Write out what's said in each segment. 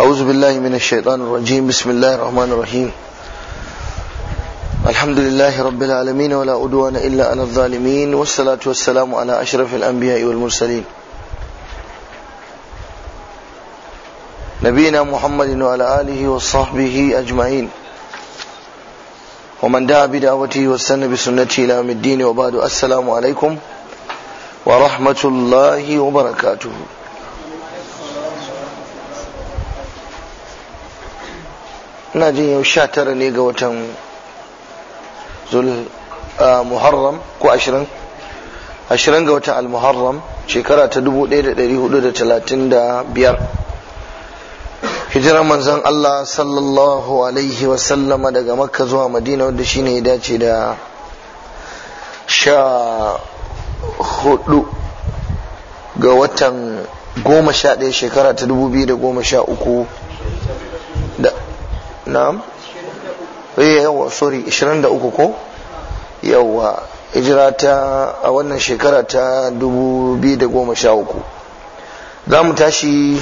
أعوذ بالله من الشيطان الرجيم بسم الله الرحمن الرحيم الحمد لله رب العالمين ولا أدوان إلا على الظالمين والصلاة والسلام على أشرف الأنبياء والمرسلين نبينا محمد وعلى آله وصحبه أجمعين ومن دعا بدعوته واستنى بسنته إلى يوم الدين وبعد السلام عليكم ورحمة الله وبركاته ina jin yau sha tara ne ga watan zul ah, muharram ko ashirin ashirin ga watan al-muharram shekara ta dubu ɗaya da ɗari hudu da talatin da biyar hijiran manzan Allah sallallahu alaihi wasallama daga makka zuwa madina wadda ne ya dace da sha hudu ga watan goma sha ɗaya shekara ta dubu biyu da goma sha uku na'am eh yawa sorry 23 ko yawa hijira ta a wannan shekara ta 2013 zamu tashi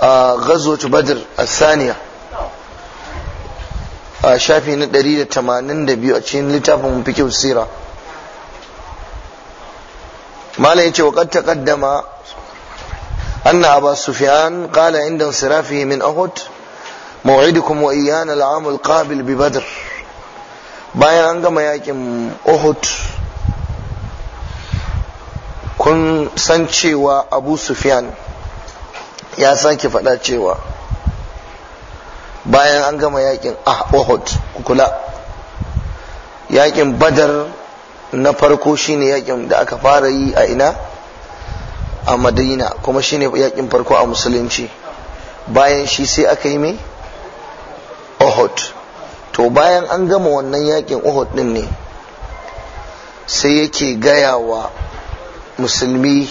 a ghazwat badr as-saniya a shafi na 182 a cikin littafin fikihu sira malai yace wa qad taqaddama anna aba sufyan qala inda sirafi min ahud موعدكم وإيانا العام القابل ببدر bayan an gama yakin Uhud kun san cewa Abu Sufyan ya sake faɗa cewa bayan an gama yakin ah, Uhud kula yakin Badar na farko shine yakin da aka fara yi a ina a Madina kuma shine yakin farko a musulunci bayan shi sai aka yi mai Uhud to bayan an gama wannan yakin Uhud din ne sai yake gayawa musulmi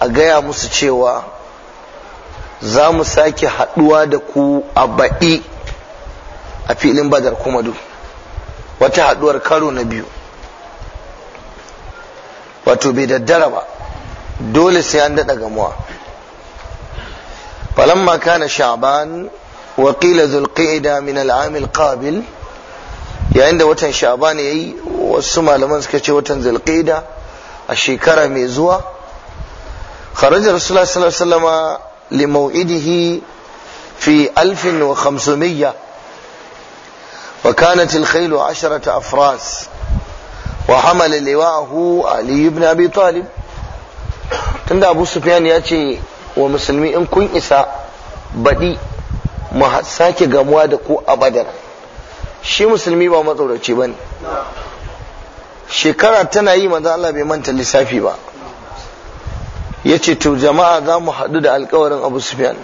a gaya musu cewa za mu sake haɗuwa da ku a baɗi a filin badar kuma du wata haɗuwar karo na biyu wato bai daddara ba dole sai an daɗa gamuwa falamma kana sha'ban wa qila dhul qa'da min al-am al-qabil yayin da watan sha'ban yayi wasu malaman suka ce watan dhul a shekara mai zuwa kharaja rasulullah sallallahu alaihi wasallama li maw'idihi fi 1500 وكانت الخيل عشرة أفراس وحمل لواءه علي بن أبي طالب tunda abu sufyan ya ce wa musulmi in kun isa baɗi mu sake gamuwa da ku a badar, shi musulmi ba matsoraci ba ne shekara tana yi manzo Allah bai manta lissafi ba ya ce to jama'a za mu haɗu da alkawarin abu sufyan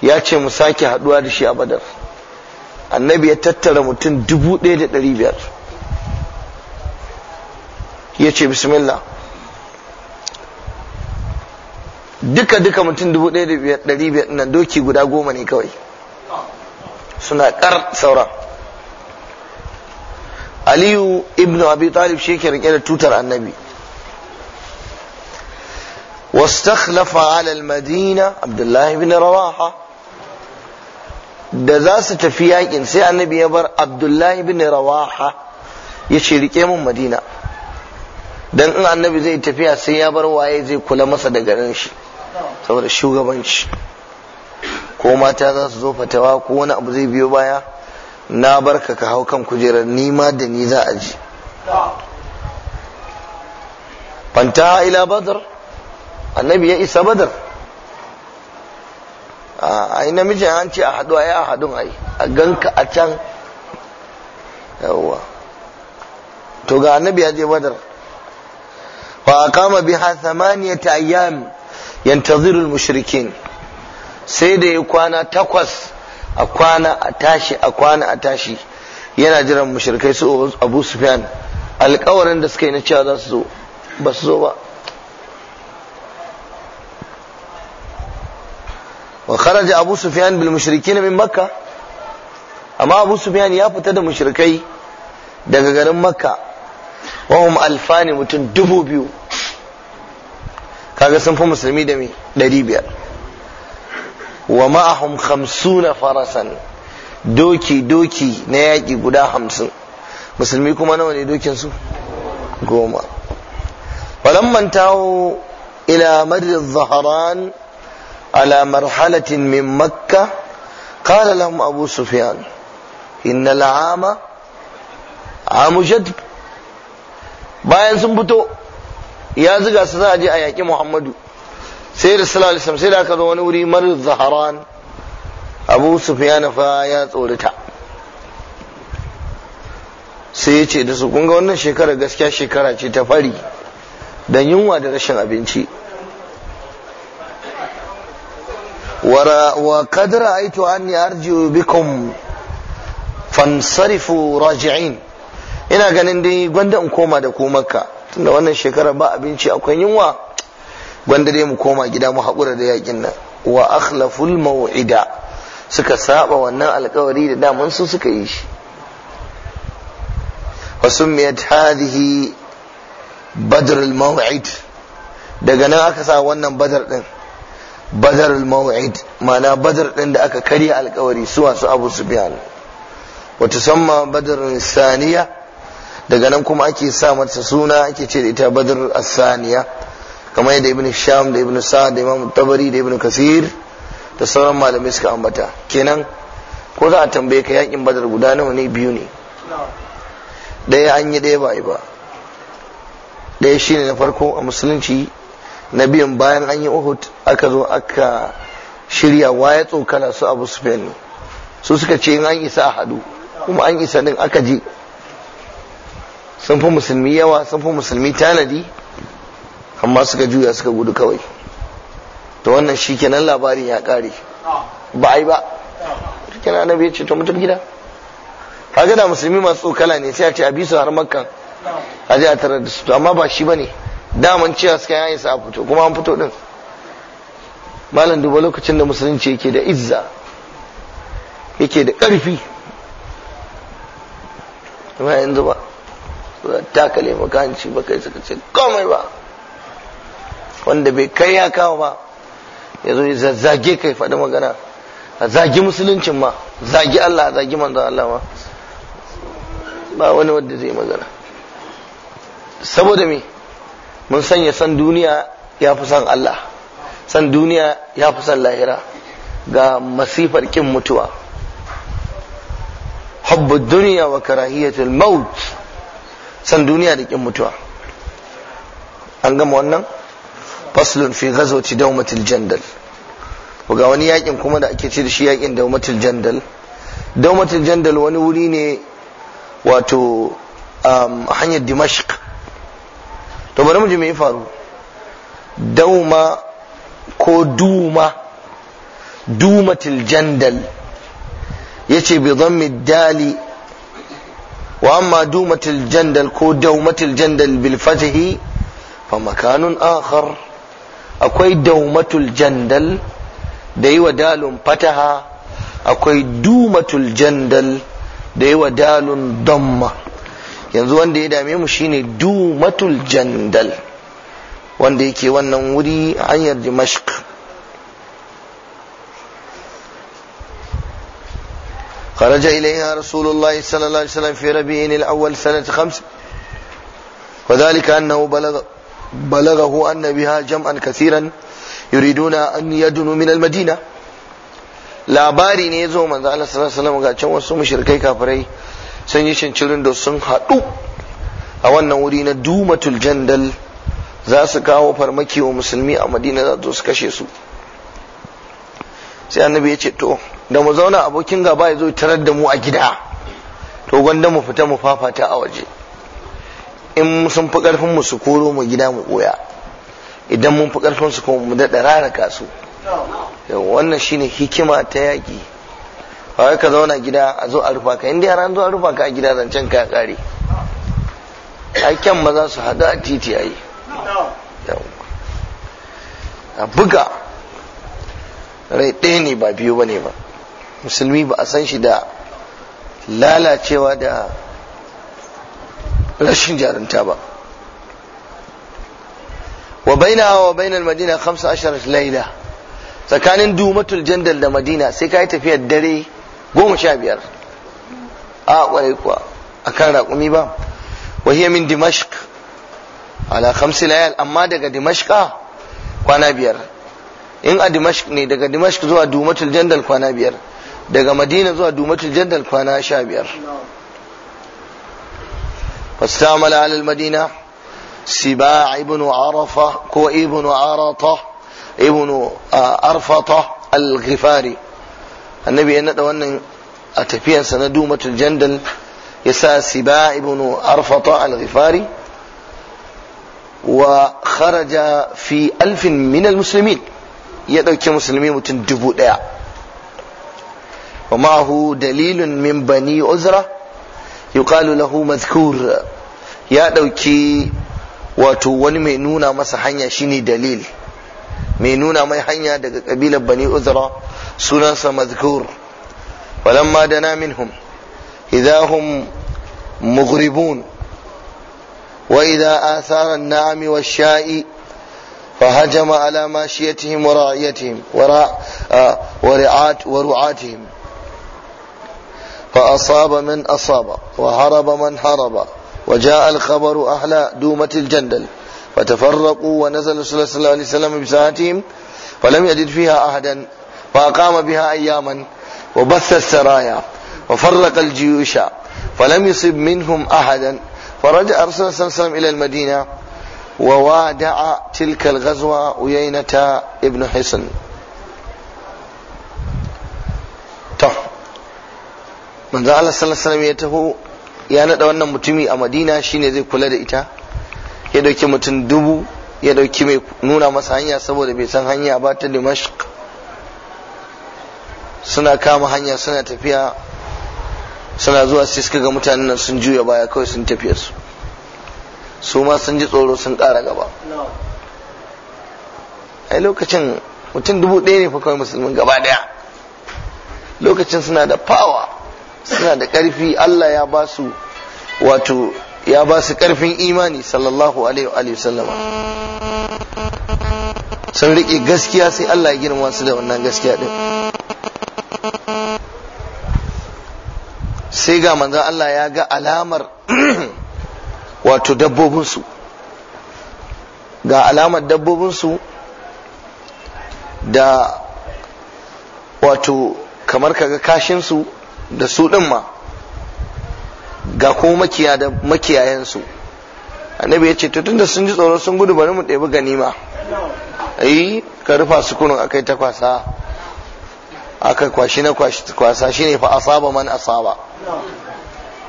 ya ce mu sake haɗuwa da shi a badar annabi ya tattara mutum dubu ɗaya da ɗari biyar ya ce bismillah duka duka mutum dubu ɗaya da biyar ɗari biyar nan doki guda goma ne kawai suna ƙar sauran aliyu Ibn abi talib shi ke rike da tutar annabi واستخلف على المدينة madina Abdullahi bin rawaha da za su tafi yakin sai annabi ya bar abdullahi bin rawaha ya ce rike mun madina dan in annabi zai tafiya sai ya bar waye zai kula masa da garin shi saboda shugabanci ko mata za su zo fatawa ko wani abu zai biyo baya na barka ka hau kan kujerar nima da ni za a ji fanta ila badar annabi ya isa badar a yi namijin an ce a haɗu a yi a haɗun a yi a ganka a can yawwa to ga annabi ya je badar fa kama biha ta ayyami yantazirul mushrikin sai da ya kwana takwas a kwana a tashi a kwana a tashi yana jiran mushrikai su abu sufyan alkawarin da suka yi na cewa za su zo ba su zo ba wa kharaja abu sufyan bil mushrikin min makka amma abu sufyan ya fita da mushrikai daga garin makka wa hum alfani mutum dubu biyu kaga sun fi musulmi da mi ɗari biyar wa ma'ahum hamsuna farasan doki doki na yaƙi guda hamsin musulmi kuma nawa ne dokin su goma manta tawo ila madrid zaharan ala marhalatin min makka kala lahum abu sufyan inna la'ama, amu bayan sun fito ya ziga su za a je a yaƙi muhammadu sai da salalisam sai da aka zo wani wuri mara zaharan abu sufyan fa ya tsorita sai ya ce da su kunga wannan shekara gaskiya shekara ce ta fari don yunwa da rashin abinci wa aito an anni arji bikum fansarifu raji'in ina ganin dai gwanda in koma da ku tunda wannan shekarar ba abinci akwai yunwa gwanda dai mu koma gida mu haƙura da yakin nan wa akhlaful mau'ida suka saba wannan alkawari da daman su suka yi shi wasumiyat hadhihi badr al maw'id daga nan aka sa wannan badar din badar al maw'id ma'ana badar din da aka karya alkawari su su abu sufyan wa tusamma badr saniya daga nan kuma ake sa mata suna ake ce da ita badr as-saniya kamar yadda ibnu sham da ibnu sa'd da imam tabari da ibnu kasir da sauran malamai suka ambata kenan ko za a tambaye ka yakin badar guda nawa ne biyu ne daya an yi daya ba ba daya shine na farko a musulunci na biyan bayan an yi uhud aka zo aka shirya waya tsokala su abu sufyan su suka ce in an isa a hadu kuma an isa din aka je sun fi musulmi yawa sun fi musulmi tanadi amma suka juya suka gudu kawai to wannan shi kenan labarin ya kare ba a yi ba rikin annabi ya ce to mutum gida kaga da musulmi masu tsokala ne sai a ce a bi su har makkan a je a tare da su amma ba shi bane daman cewa suka yayin sa a fito kuma an fito din malam duba lokacin da musulunci yake da izza yake da karfi ba yanzu ba takale maka hanci ba kai suka ce komai ba wanda bai kai ya kawo ba ya zo ya zazzage kai faɗi magana a zagi musuluncin ma zagi Allah a zagi manzon Allah ma ba wani wanda zai magana saboda me mun sanya san duniya ya fi san Allah san duniya ya fi san lahira ga masifar kin mutuwa hubbu duniya wa karahiyatul maut san duniya da kin mutuwa an gama wannan faslun fi ghazwati dawmatil jandal ga wani yakin kuma da ake ce da shi yakin dawmatil jandal dawmatil jandal wani wuri ne wato um, hanyar dimashq to bari mu ji mai ya faru dauma ko duma dumatil jandal yace bi dhammi dali wa amma dumatul jandal ko daumatul jandal bil fatihi fa makanun akhar akwai daumatul jandal da yi dalun fataha akwai dumatul jandal da yi dalun damma yanzu wanda ya dame mu shine dumatul jandal wanda yake wannan wuri hanyar dimashq خرج إليها رسول الله صلى الله عليه وسلم في ربيع الأول سنة خمس وذلك أنه بلغ بلغه أن بها جمعا كثيرا يريدون أن يدنوا من المدينة labari ne ya zo manzo Allah sallallahu alaihi wasallam ga can wasu mushrikai kafirai sun yi shincirin da sun haɗu a wannan wuri na dumatul jandal za su kawo farmaki wa musulmi a madina za su kashe su sai annabi ya ce to da mu zauna abokin gaba ya zo tarar da mu a gida to gwanda mu fita mu fafata a waje in sun fi karfin mu su koro mu gida mu koya idan mun fi karfin su kuma mu daɗa kasu. su wannan shine hikima ta yaki ba ka zauna gida a zo a rufa ka inda yara zo a rufa ka a gida zancen ka kare aiken maza su haɗu a titi a a buga rai ɗaya ne ba biyu ba ne ba musulmi ba a san shi da lalacewa da rashin jarunta ba wa baina wa bainal madina 15 laila tsakanin dumatul jandal da madina sai ka yi tafiyar dare goma sha biyar a kwarai kuwa akan raƙumi ba wa hiya min dimashq ala khamsi layal amma daga dimashqa kwana biyar in a dimashq ne daga dimashq zuwa dumatul jandal kwana biyar daga madina zuwa dumatul jandal kwana sha biyar fastamala alal madina siba ibn arafa ko ibn arata ibn arfata al-ghifari annabi ya nada wannan a tafiyarsa na dumatul jandal ya sa siba ibn arfata al-ghifari وخرج في ألف من المسلمين يدعو كم مسلمين متن دبو ومعه دليل من بني عذرة يقال له مذكور ya ɗauki wato wani mai nuna masa hanya shine dalil mai nuna mai hanya daga kabilar bani uzra sunansa mazkur walamma dana minhum idahum mughribun wa idha athara an-na'ami wash-sha'i فهجم على ماشيتهم ورعيتهم وراء ورعات ورعاتهم فأصاب من أصاب وهرب من هرب وجاء الخبر أهل دومة الجندل فتفرقوا ونزل صلى الله عليه وسلم بساعتهم فلم يجد فيها أحدا فأقام بها أياما وبث السرايا وفرق الجيوش فلم يصب منهم أحدا فرجع الرسول صلى الله عليه وسلم إلى المدينة ووادع تلك الغزوة أيينة ابن حصن manzo Allah sallallahu alaihi ya taho ya nada wannan mutumi a Madina shine zai kula da ita ya dauki mutum dubu ya dauki mai nuna masa hanya saboda bai san hanya ba ta Dimashq suna kama hanya suna tafiya suna zuwa sai suka ga mutanen nan sun juya baya kawai sun tafiya su su ma sun ji tsoro sun kara gaba a lokacin mutum dubu ɗaya ne fa kawai musulmin gaba ɗaya lokacin suna da power. suna da ƙarfi Allah ya ba su wato ya ba su ƙarfin imani sallallahu alaihi wa sallama sun riƙe gaskiya sai Allah ya girma su da wannan gaskiya din sai ga manzon Allah ya ga alamar wato dabbobinsu ga alamar dabbobinsu da wato kamar kaga kashinsu da su ɗin ma ga kuma makiya da makiyayensu annabi ya ce to tunda sun ji tsoro sun gudu bari mu ɗebi ganima ayi ka rufa su kunun akai ta kwasa aka kwashi na kwasa shine fa asaba man asaba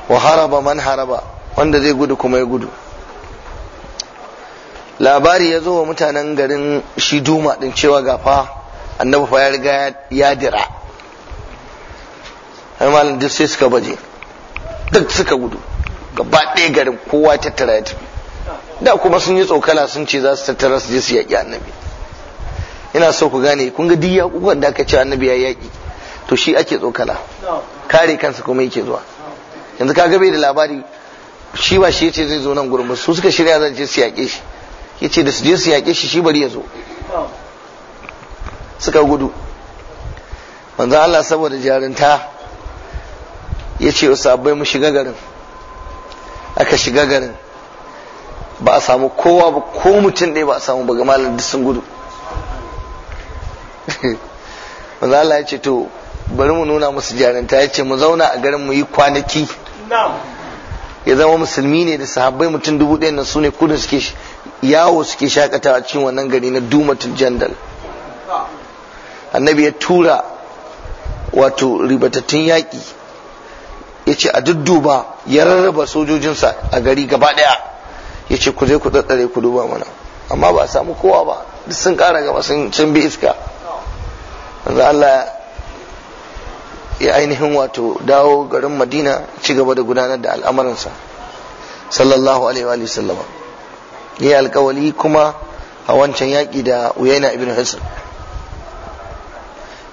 wa haraba man haraba wanda zai gudu kuma ya gudu labari ya zo wa mutanen garin shi duma din cewa gafa annabi fa ya riga ya dira har malam duk sai suka baje duk suka gudu gaba ɗaya garin kowa tattara ya tafi da kuma sun yi tsokala sun ce za su tattara su je su yaƙi annabi ina so ku gane kun ga duk yaƙuban da aka ce annabi ya yaƙi to shi ake tsokala kare kansa kuma yake zuwa yanzu ka gabe da labari shi ba shi yace zai zo nan gurin su suka shirya zan je su yaƙe shi yace da su je su yaƙe shi shi bari ya zo suka gudu manzo Allah saboda jarinta ya ce sabai mu shiga garin aka shiga garin ba a samu kowa ba ko mutum ɗaya ba a samu ba ga malam duk sun gudu wanda Allah ya ce to bari mu nuna musu jarinta ya ce mu zauna a garin mu yi kwanaki ya zama musulmi ne da sahabbai mutum dubu ɗaya na su ne kudin suke yawo suke shakatawa a cikin wannan gari na dumatun jandal annabi ya tura wato ribatattun yaƙi ya ce a dudduba ya rarraba sojojinsa a gari gaba daya ya ce ku zai ku tsatsare ku duba mana amma ba a samu kowa ba duk sun kara gaba sun bi iska yanzu Allah ya ainihin wato dawo garin madina ci gaba da gudanar da al'amuransa sallallahu alaihi wa sallama ya yi alkawali kuma a wancan yaƙi da uyaina ibn hisr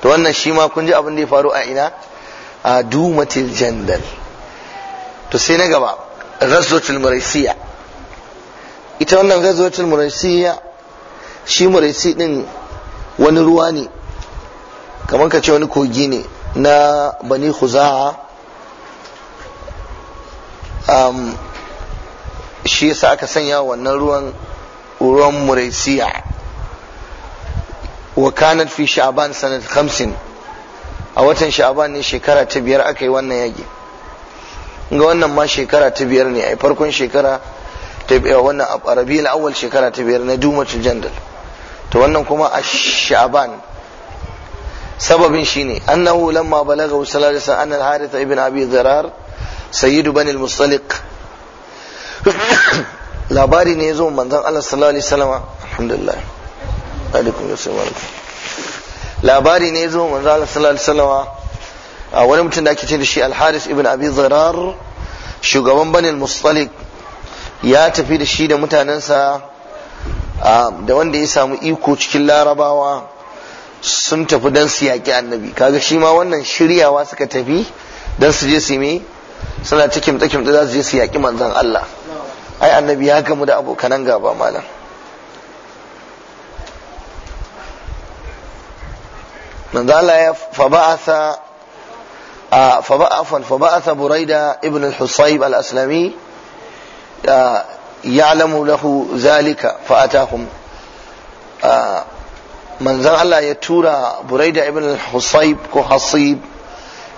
to wannan shi ma kun ji abin da ya faru a ina adumatil jandal to sai na gaba ghazwatul muraisiya ita wannan ghazwatul muraisiya shi muraisi din wani ruwa ne kamar ka ce wani kogi ne na bani shi yasa aka sanya wannan ruwan ruwan muraisiya wa kanat fi sha'ban sanat a watan sha'aban ne shekara ta biyar aka yi wannan yaƙi ga wannan ma shekara ta biyar ne a farkon shekara ta biyar eh, wannan a rabiul awwal shekara ta biyar na dumatul jandal to wannan kuma a sha'aban sababin shine annahu lamma balaga sallallahu alaihi wasallam anna harith ibn abi dharar sayyidu bani al-mustaliq labari ne ya zo manzon Allah sallallahu alaihi wasallam alhamdulillah alaikum assalam labari ne zo manzo Allah sallallahu alaihi wasallam wani mutum da ake ce da shi al-Haris ibn Abi Zarar shugaban Banil Mustalik ya tafi da shi da mutanensa da wanda ya samu iko cikin larabawa sun tafi don su yaƙi annabi kaga shi ma wannan shiryawa suka tafi don su je su me suna cikin da za su je su yaƙi manzon Allah ai annabi ya gamu da abokanan gaba malam manzo ya faba'atha faba'afan buraida ibn al-husayb al-aslami ya'lamu lahu zalika fa'atahum manzon Allah ya tura buraida ibn al-husayb ko hasib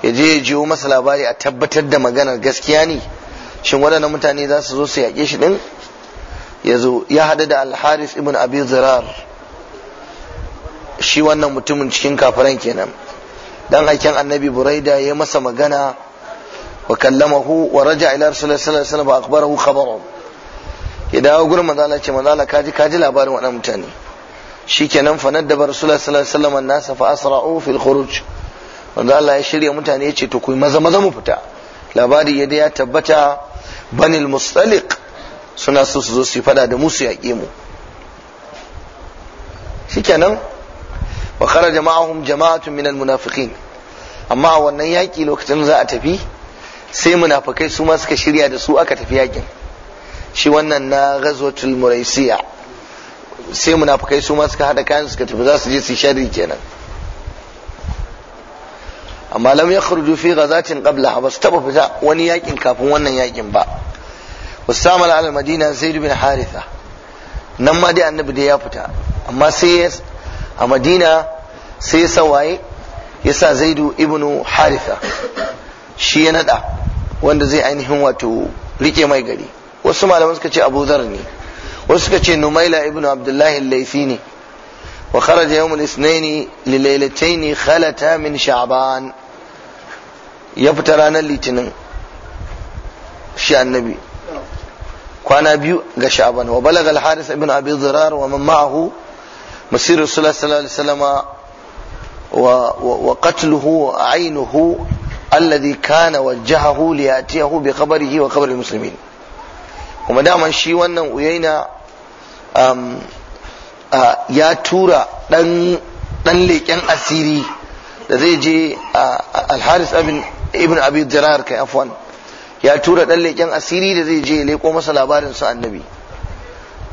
ya je ya jiwo masa labari a tabbatar da maganar gaskiya ne shin waɗannan mutane za su zo su yaƙe shi ɗin ya haɗu da al-haris ibn Abizirar. shi wannan mutumin cikin kafiran kenan dan aikin annabi buraida ya masa magana wa kallamahu wa raja ila rasulullahi sallallahu alaihi wasallam akhbarahu khabarahu ya dawo gurin manzo Allah ce manzo Allah kaji kaji labarin waɗannan mutane shikenan fa nadda rasulullahi sallallahu alaihi wasallam nasa fa asra'u fil khuruj manzo Allah ya shirya mutane ya ce to ku maza maza mu fita labari ya ya tabbata banil mustaliq suna so su zo su fada da mu su yaƙe mu shikenan wa jama'a ma'ahum jama'atun minal munafiqin amma a wannan yaki lokacin za a tafi sai munafikai su ma suka shirya da su aka tafi yakin shi wannan na ghazwatul muraisiya sai munafikai su ma suka hada kayan suka tafi za su je su sharri kenan amma lam yakhruju fi ghazatin qablaha ba su taba fita wani yakin kafin wannan yakin ba wastamal ala madina zaid bin haritha nan ma dai annabi da ya fita amma sai a madina sai ya waye ya sa zaidu ibnu haritha shi ya nada wanda zai ainihin wato rike mai gari wasu malaman suka ce abu zar ne wasu suka ce numaila ibnu abdullahi laifi ne wa kharaja yawm al-ithnain li laylatayn khalata min sha'ban ya fita ranar litinin shi annabi kwana biyu ga sha'ban wa balaga al-haris ibnu abi wa man ma'ahu مسير الرسول صلى الله عليه وسلم وقتله عينه الذي كان وجهه ليأتيه بخبره وخبر المسلمين kuma daman shi wannan uyaina um, uh, ya tura dan leƙen asiri da zai je uh, alharis ibn abi jirar kai afwan ya tura dan leƙen asiri da zai je leko masa labarin su annabi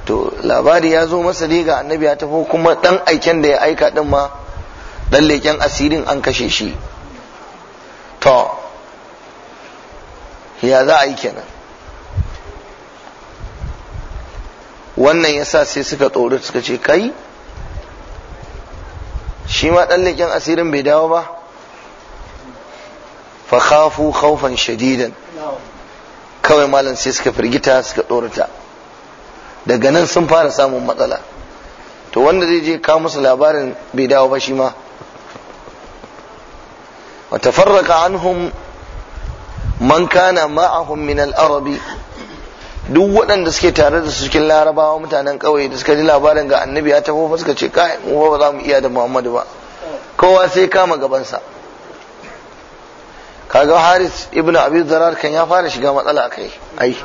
to labari ya zo masa dai ga annabi ya tafi kuma dan aiken da ya aika din ma dan leken asirin an kashe shi to ya za a yi kenan wannan yasa sai suka tsoro suka ce kai shi ma dan leken asirin bai dawo ba fa khafu khawfan shadidan kawai malam sai suka firgita suka tsorata daga nan sun fara samun matsala to wanda zai je ka musu labarin bai dawo ba shi ma wa tafarraka anhum man kana ma'ahum min al-arabi duk waɗanda suke tare da su cikin larabawa mutanen ƙauye da suka ji labarin ga annabi ya tafi suka ce kai mu ba za mu iya da muhammadu ba kowa sai kama gabansa kaga haris ibnu abi zarar kan ya fara shiga matsala kai ai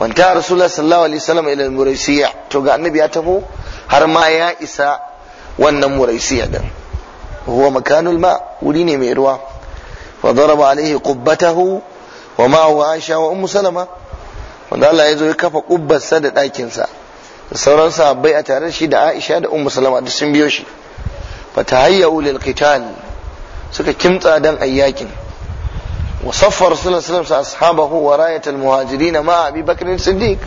wanta rasulullah sallallahu alaihi wasallam ila muraisiya to ga annabi ya tafo har ma ya isa wannan muraisiya din huwa makanul ma wuri ne mai ruwa wa daraba alaihi qubbatahu wa huwa aisha wa ummu salama wanda Allah ya zo ya kafa kubbarsa da ɗakinsa da sauran sahabbai a tare shi da aisha da ummu salama duk sun biyo shi fa tahayyau lil qital suka kimtsa dan ayyakin وصف رسول الله صلى الله عليه وسلم أصحابه وراية المهاجرين مع أبي بكر الصديق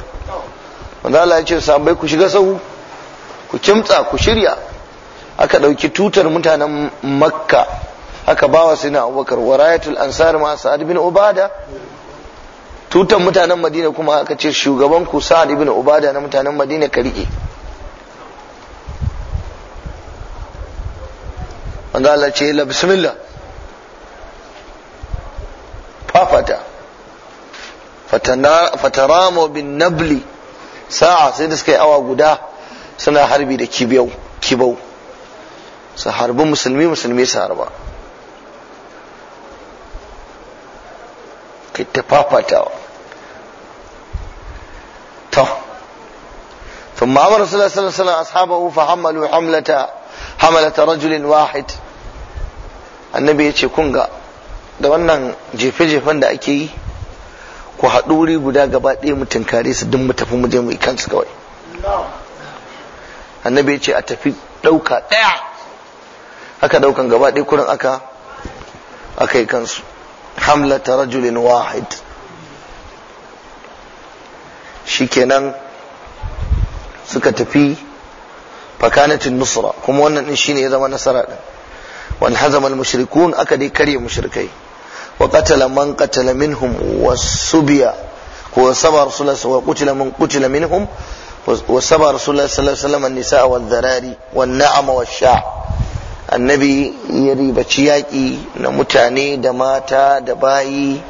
wanda Allah ya ce sabai ku shiga sahu ku kimtsa ku shirya aka ɗauki tutar mutanen makka aka bawa sina abubakar warayatul ansar ma sa'ad bin ubada tutan mutanen madina kuma aka ce shugaban ku sa'ad bin ubada na mutanen madina ka rike manzo Allah ce la bismillah fafata fataramo bin nabli sa'a sai da suka yi awa guda suna harbi da kibau su harbi musulmi musulmi su harba kai ta fafatawa to ثم امر رسول الله صلى الله عليه وسلم اصحابه فحملوا حمله حمله رجل واحد النبي يجي da wannan jefe-jefen da ake yi ku haɗu wuri guda gaba ɗaya mu tunkare su dun mu tafi mu je mu yi kansu kawai annabi ya ce a tafi ɗauka ɗaya aka ɗaukan gaba ɗaya kurin aka aka yi kansu hamlata rajulin wahid shikenan suka tafi fakanatin nusra kuma wannan din shine ya zama nasara din wani hazamal mushrikun aka dai karye mushrikai wa qatala man qatala minhum wasubiya ko saba rasulullah wa qutila man qutila minhum wa saba rasulullah sallallahu alaihi wasallam an-nisa wal dharari wan na'ama wash-sha' annabi ya ribaci yaƙi na mutane da mata da bayi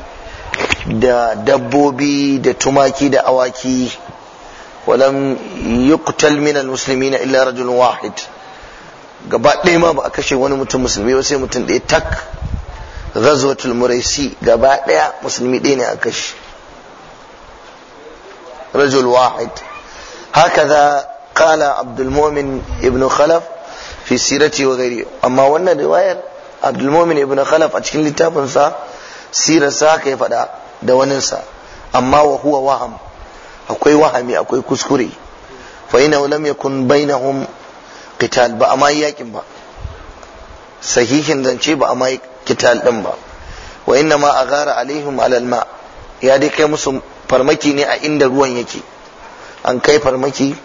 da dabbobi da tumaki da awaki walam yuqtal min almuslimin illa rajul wahid gaba ɗaya ma ba a kashe wani mutum musulmi sai mutum ɗaya tak ghazwatul muraisi gaba daya musulmi ɗaya ne a kashi rajul wahid hakaza kala abdul mu'min ibn khalaf fi sirati wa gari amma wannan riwayar abdul mu'min ibn khalaf a cikin littafinsa sa sirar sa kai fada da wanin sa amma wa huwa waham akwai wahami akwai kuskure fa inna lam yakun bainahum qital ba amma yakin ba sahihin zance ba amma kital din ba wa inna ma aghara alaihim alal ma ya dai kai musu farmaki ne a inda ruwan yake an kai farmaki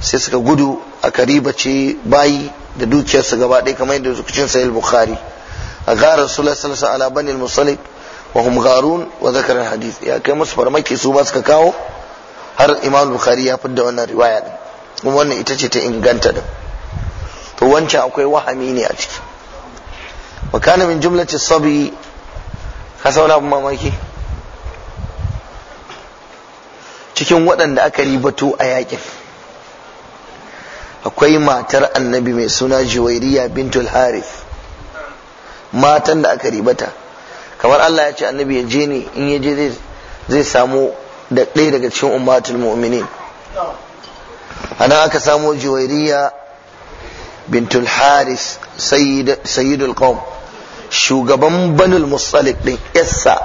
sai suka gudu a ce bayi da dukiyarsu gaba ɗaya kamar yadda suka cin sahih bukhari aghara rasulullahi sallallahu ala bani al wa hum gharun wa hadith ya kai musu farmaki su ba suka kawo har imam bukhari ya fidda wannan riwaya din kuma wannan ita ce ta inganta din to wancan akwai wahami ne a ciki wa kana min jumlati sabi ka sauna mamaki cikin waɗanda aka ribato a yakin akwai matar annabi mai suna juwairiya bintul harith matan da aka ribata kamar Allah ya ce annabi ya je ne in ya je zai samu da ɗaya daga cikin ummatul mu'minin anan aka samo juwairiya bintul haris sayyidul qawm shugaban banul musalik din yassa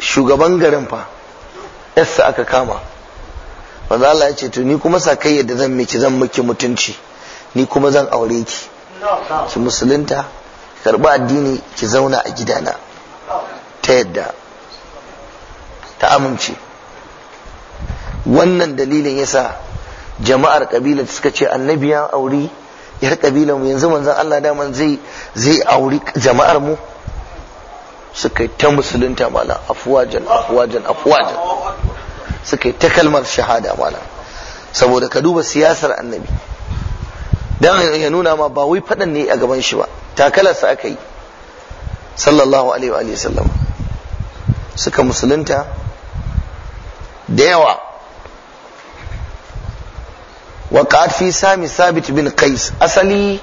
shugaban garin fa yassa aka kama wanda Allah ya ce to ni kuma sa kai yadda zan miki zan miki mutunci ni kuma zan aure ki ki musulunta karba addini ki zauna a gidana ta yadda ta amince wannan dalilin yasa jama'ar kabilar suka ce annabiyan aure yar kabilan mu yanzu manzon Allah da man zai zai auri jama'ar mu suka yi ta musulunta mala afwajan afwajan afwajan suka yi ta kalmar shahada mala saboda ka duba siyasar annabi dan ya nuna ma ba wai fadan ne a gaban shi ba takalarsa aka yi sallallahu alaihi wa sallam suka musulunta da yawa waqa'at fi sami sabit bin kais asali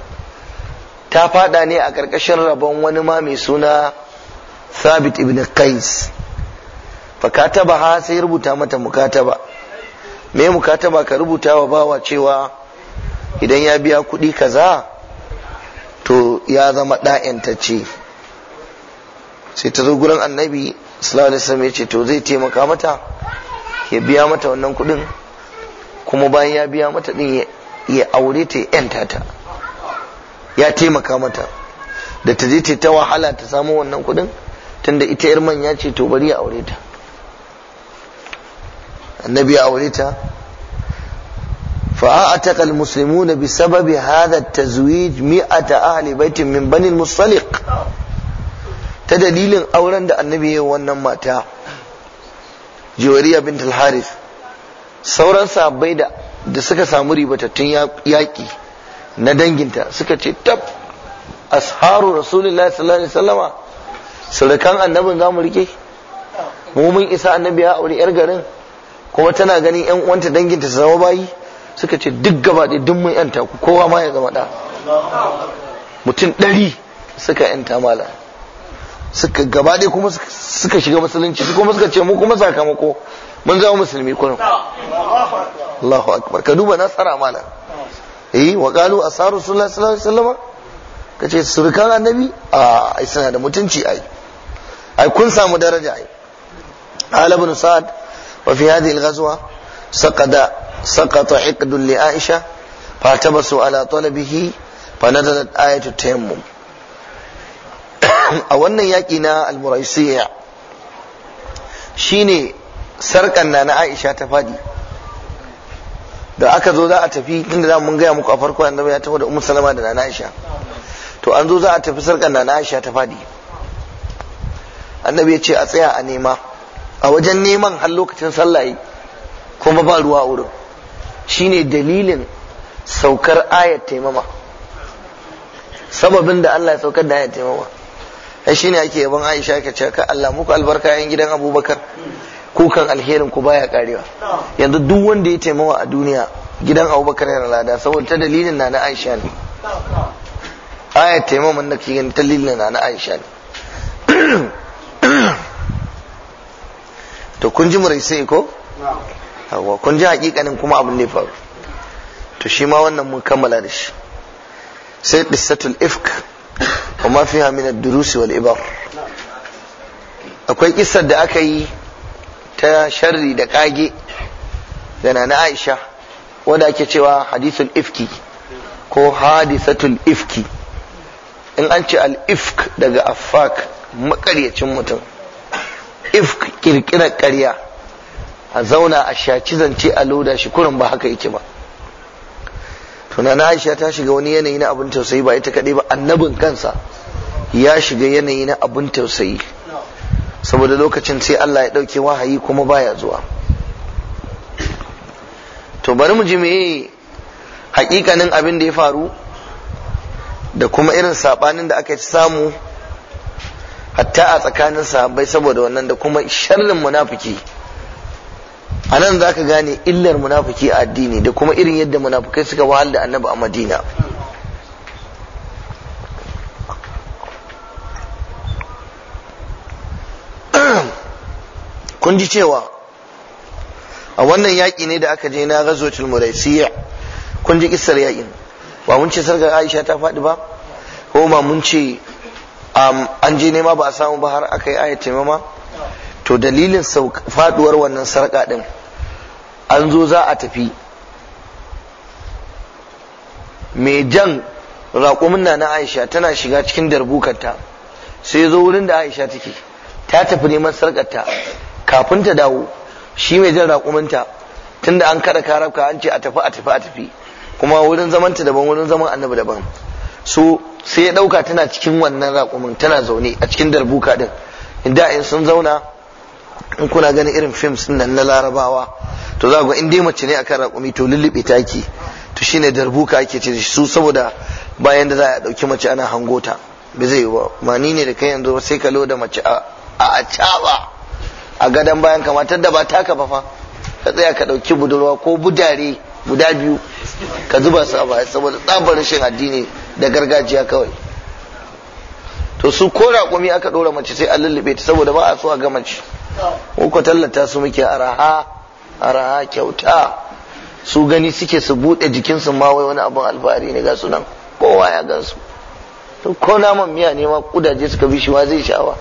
ta fada ne a karkashin rabon wani ma mai suna sabit bin kais. fa kataba ha sai rubuta mata mukataba me mukataba ka rubuta wa bawa cewa idan ya biya kuɗi kaza to ya zama ɗa'yantacce sai ta zo gurin annabi sallallahu alaihi ya ce to zai taimaka mata ya biya mata wannan kuɗin kuma bayan ya biya mata din ya aure ta ya yanta ta ya taimaka mata da ta je ta wahala ta samu wannan kudin tunda ita yar manya ce to bari ya aure ta annabi ya aure ta فأعتق المسلمون بسبب هذا التزويج مئة أهل بيت من بني المصطلق ta dalilin auren da annabi ya wannan mata jiwariya bint al sauran sahabbai da da suka samu ribatattun yaƙi na danginta suka ce tab asharu rasulullahi sallallahu alaihi wasallama surukan annabin zamu rike mu mun isa annabi ya aure yar garin kuma tana ganin yan uwanta danginta su zama bayi suka ce duk gaba da duk mun yanta ku kowa ma ya zama da mutum ɗari suka yanta mala suka gaba kuma suka shiga musulunci kuma suka ce mu kuma sakamako mun zama musulmi kurum Allahu akbar ka duba nasara mala eh wa qalu asaru sallallahu alaihi wasallam kace surukan annabi a ai suna da mutunci ai ai kun samu daraja ai قال ابن سعد وفي هذه الغزوة سقط سقط عقد لعائشة فاعتبسوا على طلبه فنزلت آية التيمم a wannan yaƙi na almuraisiya shine sarkan na na aisha ta fadi da aka zo za a tafi inda za mun gaya muku a farko annabi ya tafi da ummu salama da na aisha to an zo za a tafi sarkan na na aisha ta fadi annabi ya ce a tsaya a nema a wajen neman har lokacin sallah kuma ba ruwa a wurin shine dalilin saukar ayat taimama sababin da Allah ya saukar da ayat taimama ai shine ake yaban Aisha ka ce ka Allah muku albarka yayin gidan Abubakar kukan alherin ku baya karewa yanzu duk wanda ya taimawa a duniya gidan bakar yana lada saboda ta dalilin na na aisha ne taimawa taimaman da ke ta dalilin na na aisha ne to kun ji murai sai ko hawa kun ji hakikanin kuma abin ne faru to shi ma wannan mun kammala da shi sai qissatul ifk wa ma fiha min ad-durus wal ibar akwai kissar da aka yi ta sharri da kage da na Aisha wanda ake cewa hadisul ifki ko hadisatul ifki in an ce al-ifk daga afak makaryacin mutum ifk kirkirar ƙarya a zauna a shaci zance a loda shi kurin ba haka yake ba na aisha ta shiga wani yanayi na abin tausayi ba ita kaɗai ba annabin kansa ya shiga yanayi na abin tausayi saboda lokacin sai Allah ya ɗauke wahayi kuma baya zuwa to bari mu ji meye hakikanin abin da ya faru da kuma irin sabanin da aka ci samu hatta a tsakanin sahabbai saboda wannan da kuma sharrin munafiki a nan za ka gane illar munafiki a addini da kuma irin yadda munafikai suka wahal da annabi a madina Hmm. kun ji cewa a wannan yaƙi ne da aka je na gazotul siya kun ji kisar yaƙin ba mun ce sarkar aisha ta faɗi ba ko ba mun ce um, an je nema ba a samu ba har aka yi ayat ma to dalilin faɗuwar wannan sarƙa ɗin an zo za a tafi mai jan raƙumin na na aisha tana shiga cikin darbukanta sai zo wurin da aisha take ta tafi neman sarkarta kafin ta dawo shi mai jin raƙuminta tunda an kada karabka an ce a tafi a tafi a tafi kuma wurin zaman ta daban wurin zaman annabi daban so sai ya ɗauka tana cikin wannan raƙumin tana zaune a cikin darbuka din inda in sun zauna in kuna ganin irin sun nan na larabawa to za ku in dai mace ne akan raƙumi to lullube ta ki to shine darbuka ake ce su saboda bayan da za a dauki mace ana hangota bai zai yi ba ni ne da kai yanzu sai ka loda mace a a caba a gadon bayan kamatar da ba ta ba fa ka tsaya ka ɗauki budurwa ko budare guda biyu ka zuba su a baya saboda tsabar rashin addini da gargajiya kawai to su ko raƙumi aka ɗora mace sai an lullube ta saboda ba a so a ga mace ko tallata su muke araha araha kyauta su gani suke su buɗe jikinsu ma wani abin alfahari ne ga sunan kowa ya gansu to ko naman miya ne ma kudaje suka bi shi ma zai sha'awa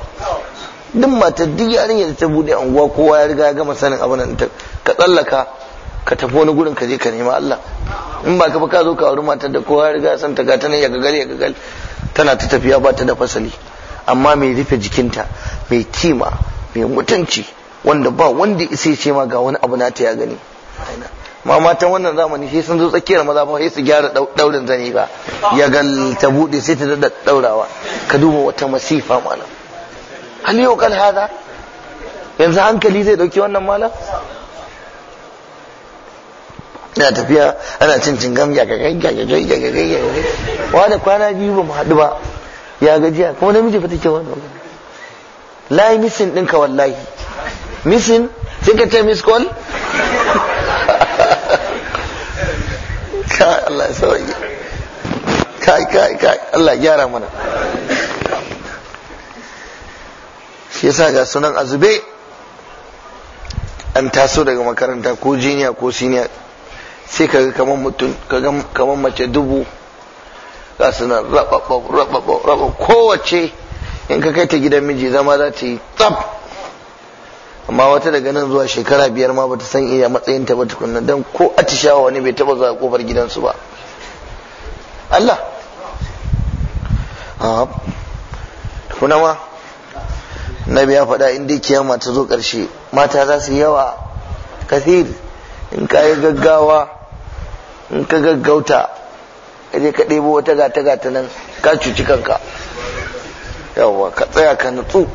duk matar duk yarinyar da ta bude unguwa kowa ya riga ya gama sanin abin nan ka tsallaka ka tafi wani gurin ka je ka nema Allah in ba ka ba ka zo ka auri matar da kowa ya riga san ta ga ta nan ya gagal ya gagal tana ta tafiya ba ta da fasali amma mai rufe jikinta mai kima mai mutunci wanda ba wanda isa ce ma ga wani abu nata ya gani ma matan wannan zamani sai sun zo tsakiyar maza ba sai su gyara daurin zane ba ya gal ta bude sai ta daɗa daurawa ka duba wata masifa malam hal yau kan yanzu hankali zai dauki wannan mala na tafiya ana cin cingam ya ga ga kwana biyu ba mu haɗu ba ya gajiya kuma namiji fa take wannan wallahi misin sai ka Allah mana shi yasa ga sunan azube an taso daga makaranta ko jiniya ko siniya sai ga kaman mutum kaman mace dubu ga sunan rababba kowace in ka kai ta gidan miji zama za ta yi tsaf amma wata daga nan zuwa shekara biyar ma bata san iya matsayin ta ba tukunna dan ko atishawa wani bai taba zuwa kofar gidansu ba Allah kuna ma nabi ya faɗa in dai kiyama ta zo ƙarshe mata za su yawa kathir in ka yi gaggawa in ka gaggauta kaje ka ɗebo wata gata gata nan ka cuci kanka yawa ka tsaya ka nutsu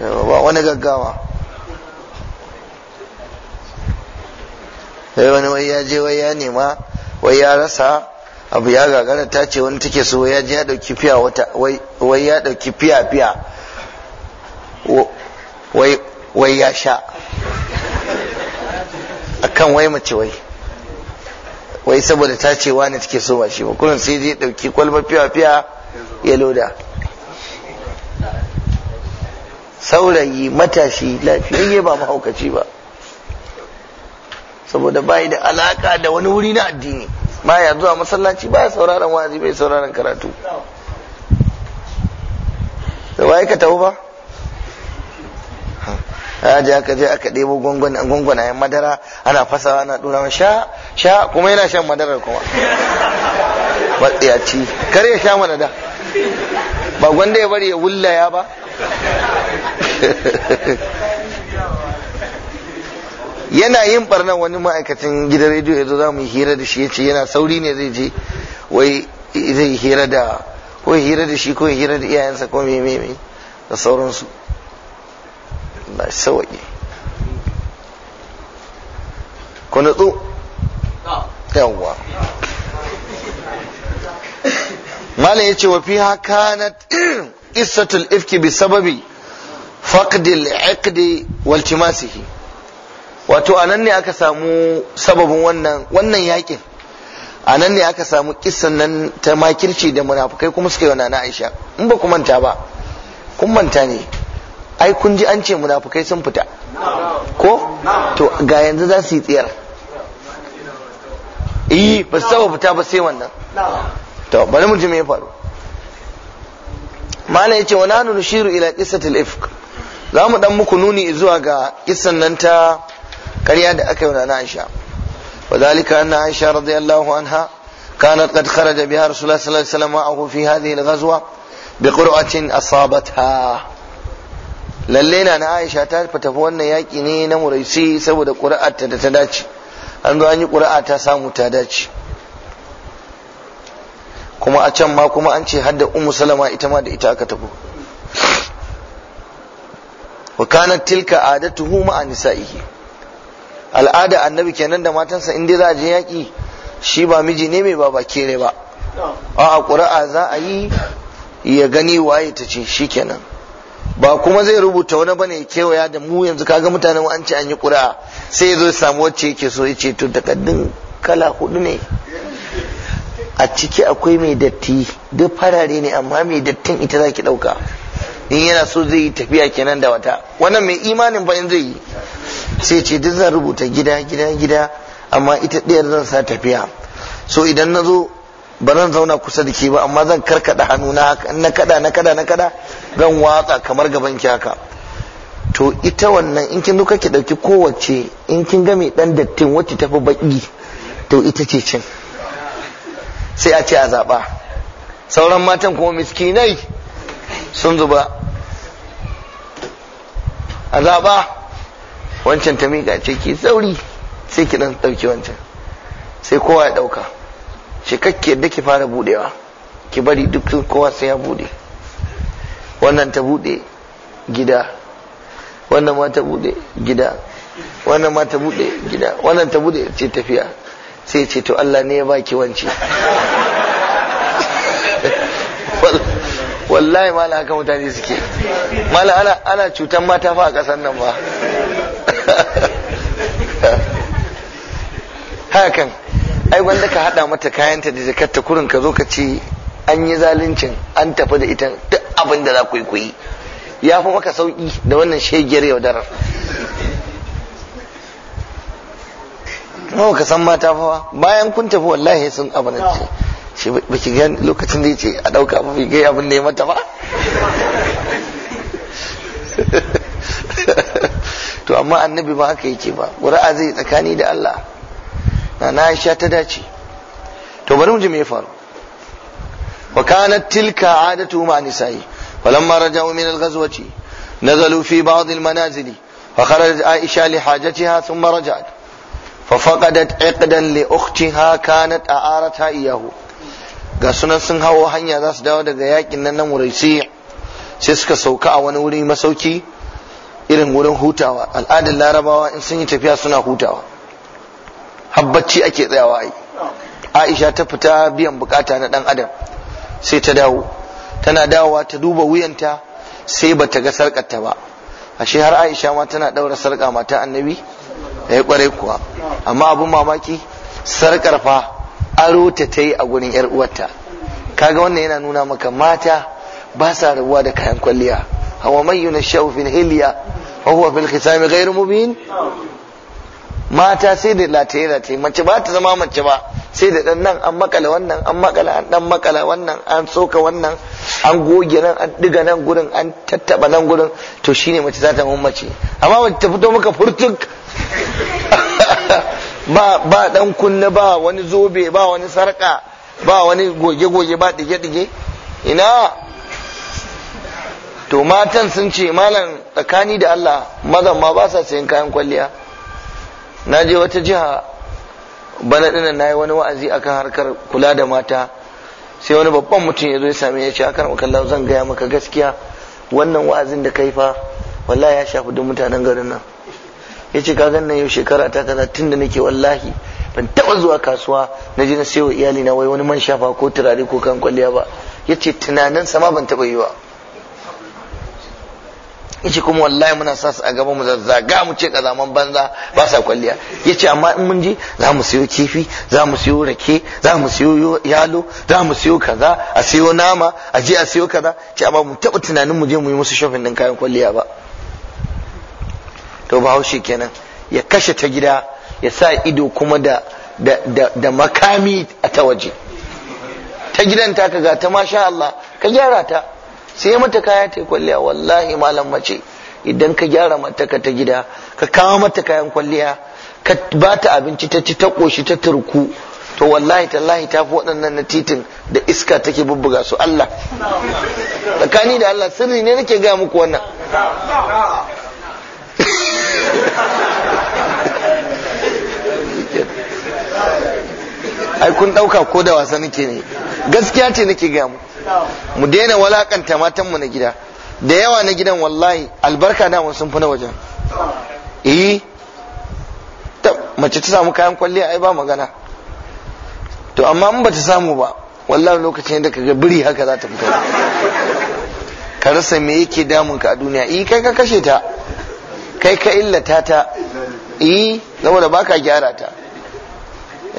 ba wani gaggawa wani wai ya je wai ya nema wai ya rasa abu ya gagara ta ce wani take so ya ji ya dauki fiya wata wai ya dauki fiya fiya wai ya sha a kan wai mace wai wai saboda ta ce wani take so ba shi ba kullum sai zai dauki kwalba fiya fiya ya loda saurayi matashi lafiyayye ba mahaukaci ba saboda bai da alaka da wani wuri na addini baya zuwa masallaci baya sauraron wa'azi bai sauraron karatu da waye ka tafi ba ya je aka je aka ɗebo gwangwana yan madara ana fasawa ana ɗora sha sha kuma yana shan madarar kuma matsiyaci kar ya sha mana da ba gwanda ya bari ya wulla ya ba yana yin barnan wani ma'aikacin gidan rediyo ya zo za mu yi hira da shi ya ce yana sauri ne zai je wai zai hira da ko yi hira da shi ko yi hira da iyayensa ko me me da sauransu Na ba sawaye ku natsu yawwa malam yace wa fiha kanat qissatul ifki bi sababi faqdil iqdi waltimasihi wato anan ne aka samu sababin wannan wannan yakin a nan ne aka samu kissan nan ta makirci da munafukai kuma suka yi na aisha in ba ku manta ba kun manta ne ai kun ji an ce munafukai sun fita ko to ga yanzu za su yi tsiyar yi ba su fita ba sai wannan to bari mu ji me ya faru mala yace wa nanu nushiru ila qissatil ifk za mu dan muku nuni zuwa ga kissan nan ta ƙarya da aka yi wa na Aisha wa zalika anna Aisha radiyallahu anha kanat qad kharaja biha rasulullah sallallahu alaihi wasallam ma'ahu fi hadhihi al-ghazwa bi qur'atin asabatha lalle na na Aisha ta tafi wannan yaki ne na muraisi saboda qur'atta da ta dace an zo an yi qur'a ta samu ta dace kuma a can ma kuma an ce hadda ummu salama ita ma da ita aka tafi wa kanat tilka adatuhu ma'a nisa'ihi al'ada annabi kenan da matansa in dai za a je yaƙi shi ba miji ne mai baba kere ba a ƙura'a za a yi ya gani waye ta ce shi kenan ba kuma zai rubuta wani bane ya kewaya da mu yanzu kaga mutane an ce an yi ƙura'a sai ya zo ya samu wacce yake so ya ce to takaddun kala hudu ne a ciki akwai mai datti duk farare ne amma mai dattin ita za ki ɗauka in yana so zai yi tafiya kenan da wata wannan mai imanin ba in zai yi sai ce duk zan rubuta gida gida gida amma ita ɗayar zan sa tafiya so idan na zo ba zan zauna kusa da ke ba amma zan karkada hannu na na kada na kada na kada zan watsa kamar gaban ki haka to ita wannan in kin duka ki dauki kowace in kin ga mai dan dattin wacce tafi baki to ita ce cin sai a ce a zaba sauran matan kuma miskinai sun zuba a zaba wancan ta miƙa ce ki sauri sai ki dan ɗauki wancan sai kowa ya ɗauka cikakke yadda ki fara budewa ki bari duk kowa sai ya bude wannan ta bude gida wannan ma ta bude gida wannan ma ta bude gida wannan ta bude ce tafiya sai ce to Allah ne ya baki wance wallahi mala haka mutane suke mala ana cutan mata fa a kasan nan ba hakan ai wanda ka hada mata kayanta da jakarta kurin ka zo ka ce an yi zaluncin an tafi da ita duk abin da za ku yi ya fi maka sauki da wannan shegiyar yaudarar nawa ka san mata fa bayan kun tafi wallahi sun abin ce shi ba ki gan lokacin da ya ce a ɗauka mafi gai abin da ya mata ba to amma annabi ba haka yake ba ƙuri'a zai tsakani da Allah na na ta dace to bari mu ji me ya faru wa kanat tilka adatu ma nisa'i falamma raja'u min al-ghazwati nazalu fi ba'd al-manazili فخرجت عائشة لحاجتها ثم رجعت ففقدت عقدا لأختها كانت أعارتها إياه ga sunan sun hawo hanya za su dawo daga yakin nan na muraisi sai suka sauka a wani wuri masauki irin wurin hutawa al'adar larabawa in sun yi tafiya suna hutawa habbacci ake tsayawa ai aisha ta fita biyan bukata na dan adam sai ta dawo tana dawowa ta duba wuyanta sai bata ga sarkarta ba ashe har aisha ma tana daura sarka mata annabi ya yi kware kuwa amma abin mamaki sarkar fa aro ta ta yi a gurin yar uwarta kaga wannan yana nuna maka mata ba sa rabuwa da kayan kwalliya هو من ينشأ في الهلية وهو في الختام غير مبين mata sai da lataye late mace ba ta zama mace ba sai da dan nan an makala wannan an makala an dan makala wannan an soka wannan an goge nan an diga nan gurin an tattaba nan gurin to shine mace za ta mace amma mace ta fito maka furtuk ba ɗan kunne, ba wani zobe ba wani sarka ba wani goge-goge ba ɗige-ɗige. ina to matan sun ce malam tsakani da Allah mazan ma ba sa sayan kayan kwalliya na je wata jiha bana na nayi wani wa'azi akan harkar kula da mata sai wani babban mutum ya zo ya same ya ce akan makallan zan gaya maka gaskiya wannan wa'azin da kai fa wallahi ya shafi duk mutanen garin nan ya ce ka gan nan yau shekara ta kaza tun da nake wallahi ban taba zuwa kasuwa na je na sayo iyali na wai wani man shafa ko turare ko kan kwalliya ba yace ce tunanin sama ban taba yi ba ce kuma wallahi muna sa su a gaban mu zazzaga mu ce kazaman banza ba sa kwalliya yace amma in mun je za mu siyo kifi za mu siyo rake za mu siyo yalo za mu siyo kaza a siyo nama a je a siyo kaza ce amma mu taba tunanin mu je mu yi musu shopping din kayan kwalliya ba to bahaushe kenan ya kashe ta gida ya sa ido kuma da da, makami a ta waje ta gidan ta kaga ta masha Allah ka gyara ta sai mata kaya ta yi kwalliya wallahi malam mace idan ka gyara mataka ta gida ka kawo mata kayan kwalliya ka ba ta abinci ta ci ta koshi ta turku to wallahi tallahi ta fi waɗannan na titin da iska take bubbuga su Allah tsakani da Allah sirri ne nake ga muku wannan ai ɗauka ko da wasa nake ne gaskiya ce nake gamu. mu daina walakanta mu na gida da yawa na gidan wallahi albarka da sun fi na wajen eh mace ta samu kayan kwalliya ai ba magana to amma in bata samu ba wallahi lokacin da ga biri haka za ta fito ka rasa me yake damun ka a duniya eh kai ka kashe ta kai ka illata ta eh saboda baka gyara ta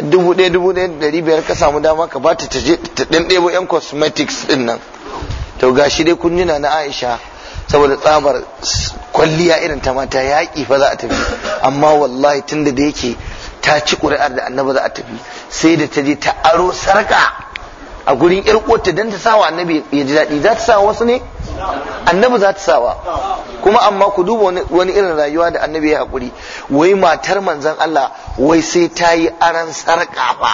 dubu ɗaya dubu ɗaya da ɗari biyar ka samu dama ka bata ta taje ta ɗan yan cosmetics ɗin nan to gashi dai kunnina na Aisha saboda tsabar kwalliya irin ta mata yaƙi fa za a tafi amma wallahi tun da yake ta ci ƙuri'ar da annaba za a tafi sai da ta je ta aro sarƙa a gurin yar uwarta dan ta sawa annabi ya ji daɗi za ta sawa wasu ne annabi za ta sawa kuma amma ku duba wani irin rayuwa da annabi ya haƙuri wai matar manzan Allah wai sai ta yi aran sarƙa ba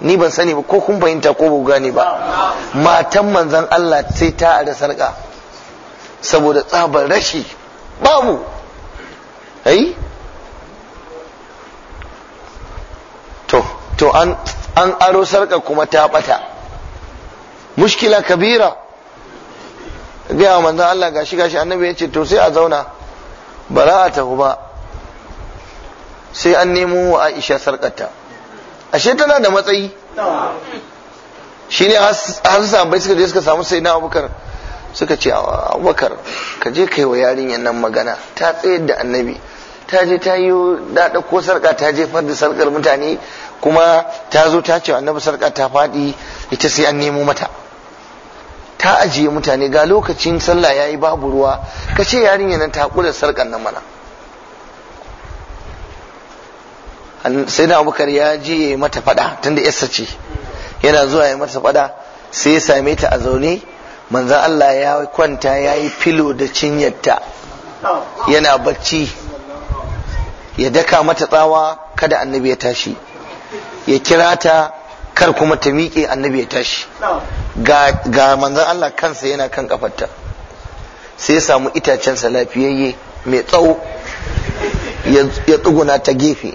ni ban sani ba ko kun fahimta ko ba gane ba matan manzan Allah sai ta ara sarƙa saboda tsabar rashi babu to an an aro sarka kuma ta bata mushkila kabira gaya wa manzan Allah gashi gashi annabi ya ce to sai a zauna bara a tahu ba sai an nemo wa Aisha sarkarta ashe tana da matsayi shine har sahabbai suka je suka samu sai na abubakar suka ce abubakar ka je kai wa yarinyar nan magana ta tsayar da annabi ta je ta yi da ko sarƙa ta jefar da sarƙar mutane kuma ta zo ta ce annabi sarƙa ta faɗi ita sai an nemo mata ta ajiye mutane ga lokacin sallah yayi babu ruwa ka ce yarinya nan ta haƙura sarƙar nan mana sai da abubakar ya je ya mata faɗa tunda yarsa ce yana zuwa ya mata faɗa sai ya same ta a zaune manzan Allah ya kwanta ya yi filo da cinyarta yana bacci ya daka mata tsawa kada annabi ya tashi ya kira ta kar kuma ta miƙe annabi ya tashi ga, manzan Allah kansa yana kan kafarta sai ya samu itacensa lafiyayye mai tsawo ya tsuguna ta gefe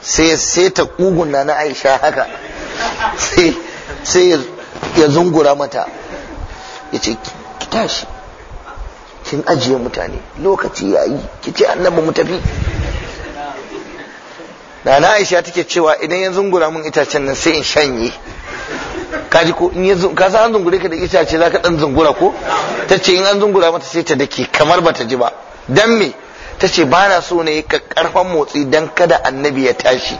sai ta kuguna na aisha haka sai ya zungura mata ya ce ki tashi kin ajiye mutane lokaci ya yi ki ce annabi mu tafi da na aisha take cewa idan ya zungura mun itacen nan sai in shanye kaji ko in ya ka san zungure ka da itace zaka dan zungura ko tace in an zungura mata sai ta dake kamar bata ji ba dan me tace ba na so ne ka karfan motsi dan kada annabi ya tashi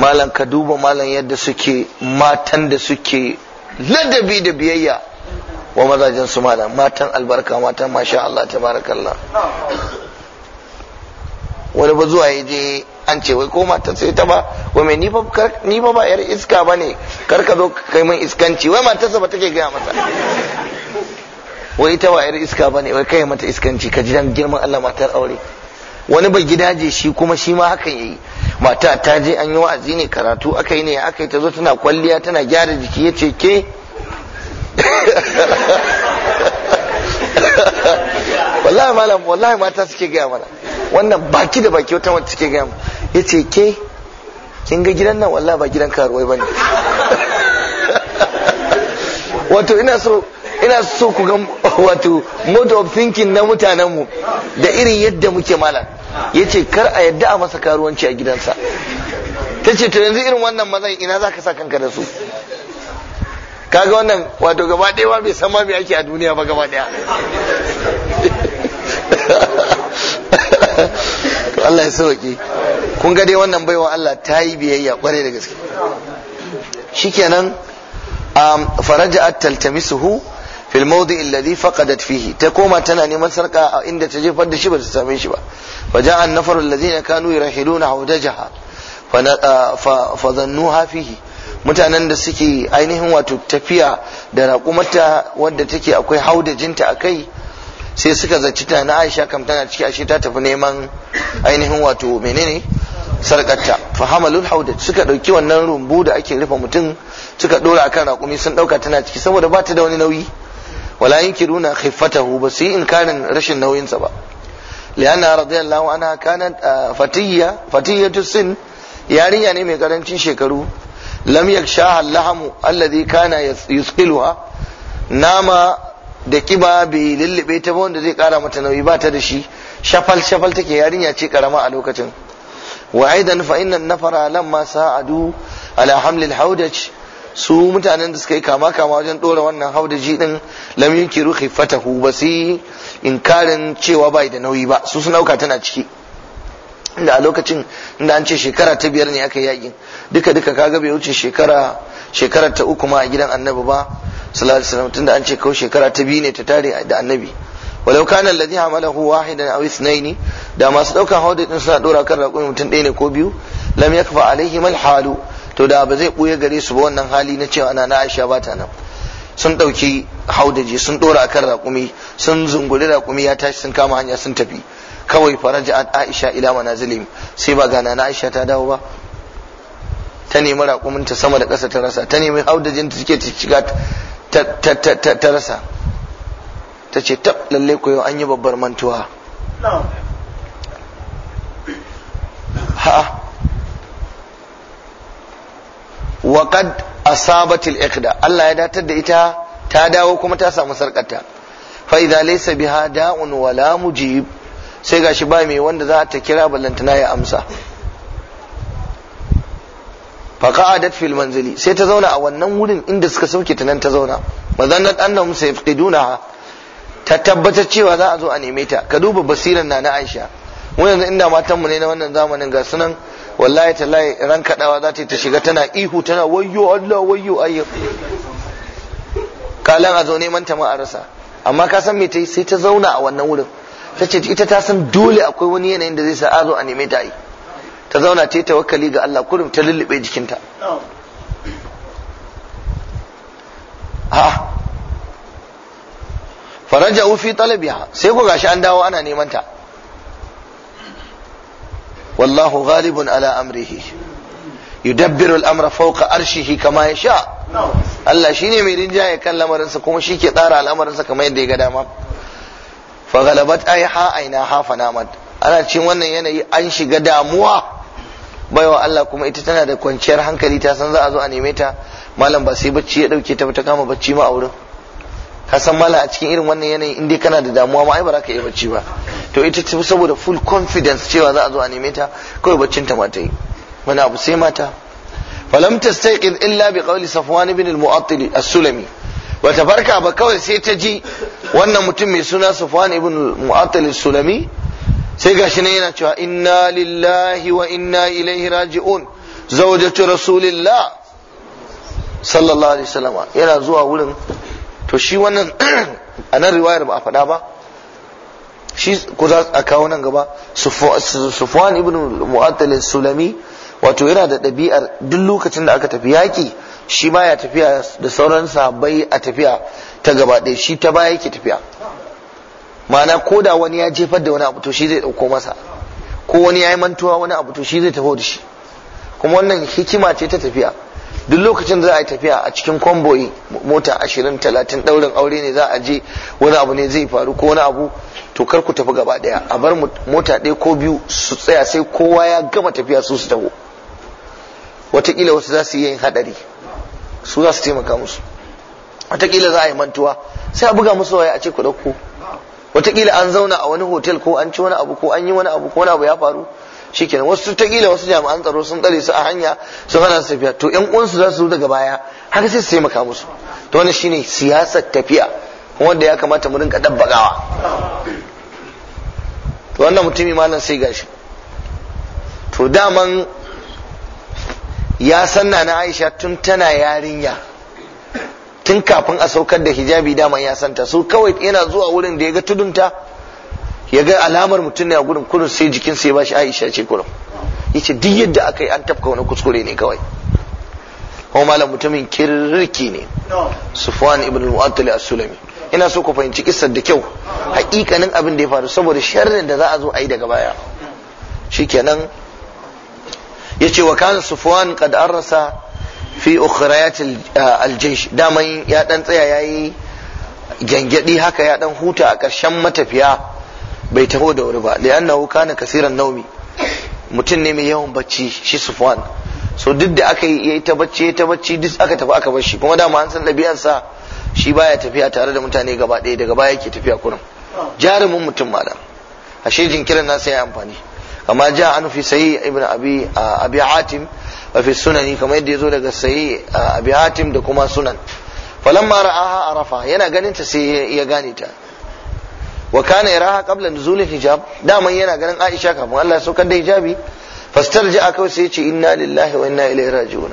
malam ka duba malam yadda suke matan da suke ladabi da biyayya wa mazajen su malam matan albarka matan masha Allah tabarakallah wani ba zuwa ya je an ce wai ko ta sai ta ba wai mai ni ba ba yar iska ba ne kar ka zo kai min iskanci wai matarsa ba take gaya masa wai ita ba yar iska ba ne wai kai mata iskanci ka ji dan girman Allah matar aure wani bai gidaje shi kuma shi ma hakan yayi mata ta je an yi wa'azi ne karatu aka yi ne aka yi ta zo tana kwalliya tana gyara jiki ya ce ke wallahi malam wallahi mata suke gaya mana wannan baki da baki wata mata suke gaya mana yace ke kin ga gidan nan wallahi ba gidan karuwai bane wato ina so ina so ku ga wato mode of thinking na mutanen mu da irin yadda muke malam yace kar a yadda a masa karuwanci a gidansa tace to yanzu irin wannan mazan ina zaka sa kanka da su kaga wannan wato gaba ɗaya bai san ma me ake a duniya ba gaba ɗaya to Allah ya sauke kun ga dai wannan baiwa Allah ta yi biyayya kware da gaske shikenan faraja um, faraja'at taltamisuhu fil mawdi alladhi faqadat fihi ta koma tana neman sarka a inda ta jefar da shi ba ta same shi ba faja'a an-nafaru alladhina kanu yarhiluna hawdajaha fa dhannuha uh, fihi mutanen da suke ainihin wato tafiya da raƙumata wadda take akwai haudajinta a kai sai suka zaci ta na aisha kam tana ciki ashe ta tafi neman ainihin wato menene sarkarta fa hamalul haudat suka dauki wannan rumbu da ake rufe mutum suka dora akan raƙumi sun dauka tana ciki saboda ba ta da wani nauyi wala yunkiruna khiffatahu ba su yi inkarin rashin nauyinsa ba lianna radiyallahu anha kanat ah, fatiyya fatiyatu sin yarinya ne mai karancin shekaru lam yaksha allahamu alladhi kana yusqiluha nama da kiba bai lullube ta ba wanda zai kara mata nauyi ba ta da shi shafal shafal take yarinya ce karama a lokacin wa aidan fa innan nafara lamma sa'adu ala hamlil su mutanen da suka yi kama kama wajen dora wannan haudaji din lam yunkiru khiffatahu ba su inkarin cewa bai da nauyi ba su sun dauka tana ciki inda a lokacin inda an ce shekara ta biyar ne aka yaki duka duka kaga bai wuce shekara shekarar ta uku ma a gidan annabi ba sallallahu alaihi wasallam tunda an ce kawai shekara ta biyu ne ta tare da annabi walau kana alladhi hamalahu wahidan aw ithnaini da masu daukan haudi din suna dora kan raƙumi mutum ɗaya ne ko biyu lam yakfa alaihi mal halu to da ba zai buye gare su ba wannan hali na cewa ana na Aisha ba ta nan sun dauki haudaji sun dora akan raƙumi sun zunguri raƙumi ya tashi sun kama hanya sun tafi kawai faraja a aisha ila manazilihim sai ba gana na aisha ta dawo ba ta nemi raƙuminta sama da ƙasa ta rasa ta nemi haudajin ta suke shiga ta rasa ta ce tab lalle ku yau an yi babbar mantuwa ha wa qad asabatil iqda Allah ya datar da ita ta dawo kuma ta samu sarkarta fa idza laysa biha da'un wala mujib sai gashi ba mai wanda za a ta kira ballantana ya amsa faqa'adat fil manzili sai ta zauna a wannan wurin inda suka sauke ta nan ta zauna mazannat annahum sayfqidunaha ta tabbatar cewa za a zo a neme ta ka duba basiran na na Aisha mu yanzu inda matanmu ne na wannan zamanin ga sunan wallahi tallahi ran kadawa za ta shiga tana ihu tana wayyo Allah wayyo ayyo kalan a zo neman ta ma a rasa amma ka san me ta yi sai ta zauna a wannan wurin ta ce ita ta san dole akwai wani yanayin da zai sa a zo a neme ta yi ta zauna ta yi tawakkali ga Allah kurum ta lullube jikinta ha faraja ufi talabiha sai ku gashi an dawo ana neman ta wallahu ghalibun ala amrihi yudabbiru al-amra fawqa arshihi kama yasha Allah shine mai rinjaye kan lamarinsa kuma shi ke tsara al'amarinsa kamar yadda ya ga dama fa galabat ay ha aina ha fanamat ana cikin wannan yanayi an shiga damuwa baiwa Allah kuma ita tana da kwanciyar hankali ta san za a zo a neme ta malam ba sai bacci ya dauke ta ta kama bacci ma a wurin ka san malam a cikin irin wannan yanayi in dai kana da damuwa ma ai ba za ka iya bacci ba to ita ta saboda full confidence cewa za a zo a neme ta kawai baccin ta ma ta yi wani abu sai mata falam tastaiqiz illa bi qawli safwan ibn al-mu'attil as-sulami bata farka ba kawai sai ta ji wannan mutum mai suna Sufwan ibn Mu'attal sulami sai gashi ne yana cewa inna lillahi wa inna ilaihi raji'un zawjatu rasulillah sallallahu alaihi wasallam yana zuwa wurin to shi wannan a nan riwayar ba a faɗa ba shi ku za a kawo nan gaba Sufwan ibn Mu'attal sulami wato yana da ɗabi'ar duk lokacin da aka tafi yaƙi shi ma ya tafiya da sauran sahabbai a tafiya ta gaba ɗaya shi ta baya yake tafiya ma'ana ko da wani ya jefar da wani abu to shi zai ɗauko masa ko wani ya yi mantuwa wani abu to shi zai tafi da shi kuma wannan hikima ce ta tafiya duk lokacin da za a yi tafiya a cikin kwamboyi mota ashirin talatin ɗaurin aure ne za a je wani abu ne zai faru ko wani abu to kar ku tafi gaba ɗaya a bar mota ɗaya ko biyu su tsaya sai kowa ya gama tafiya su su taho wataƙila wasu za su yi yin haɗari su za su taimaka musu watakila za a yi mantuwa sai a buga musu waya a ce ku ɗauko watakila an zauna a wani hotel ko an ci wani abu ko an yi wani abu ko wani abu ya faru shikenan wasu takila wasu jami'an tsaro sun tsare su a hanya sun hana su tafiya to 'yan uwansu za su zo daga baya har sai su taimaka musu to wannan shine siyasar tafiya wanda ya kamata mu rinka dabbagawa to wannan mutumi malam sai gashi to daman ya sanna na aisha tun tana yarinya tun kafin a saukar da hijabi dama ya santa su kawai yana zuwa wurin da ya ga tudunta ya ga alamar mutum ne a gurin kurin sai jikin sai ba shi aisha ce kurin yace duk yadda aka yi an tafka wani kuskure ne kawai kuma malam mutumin kirki ne sufwan ibn al a as-sulami ina so ku fahimci kissar da kyau hakikanin abin da ya faru saboda sharrin da za a zo a yi daga baya shikenan ya ce wa kana sufwan qad rasa fi ukhrayat ah, al-jaysh daman ya dan tsaya yayi gyangyaɗi haka ya dan huta a karshen matafiya bai taho da wuri ba li'annahu kana kasiran naumi mutum ne mai yawan bacci shi sufwan so duk da aka yi ta bacci ta bacci duk aka tafi aka bar shi kuma dama an san sa shi baya tafiya tare da mutane gaba ɗaya daga baya yake tafiya kurum jarumin mutum ma da ashe jinkirin nasa ya amfani kama ja an fi sayi ibn abi abi hatim wa fi sunani kama yadda yazo daga sayi abi hatim da kuma sunan falamma ra'aha arafa yana ganin ta sai ya gane ta wa kana yaraha qabla nuzul hijab daman yana ganin Aisha kafin Allah ya da hijabi fastarja'a kawai sai ya ce inna lillahi wa inna ilaihi raji'un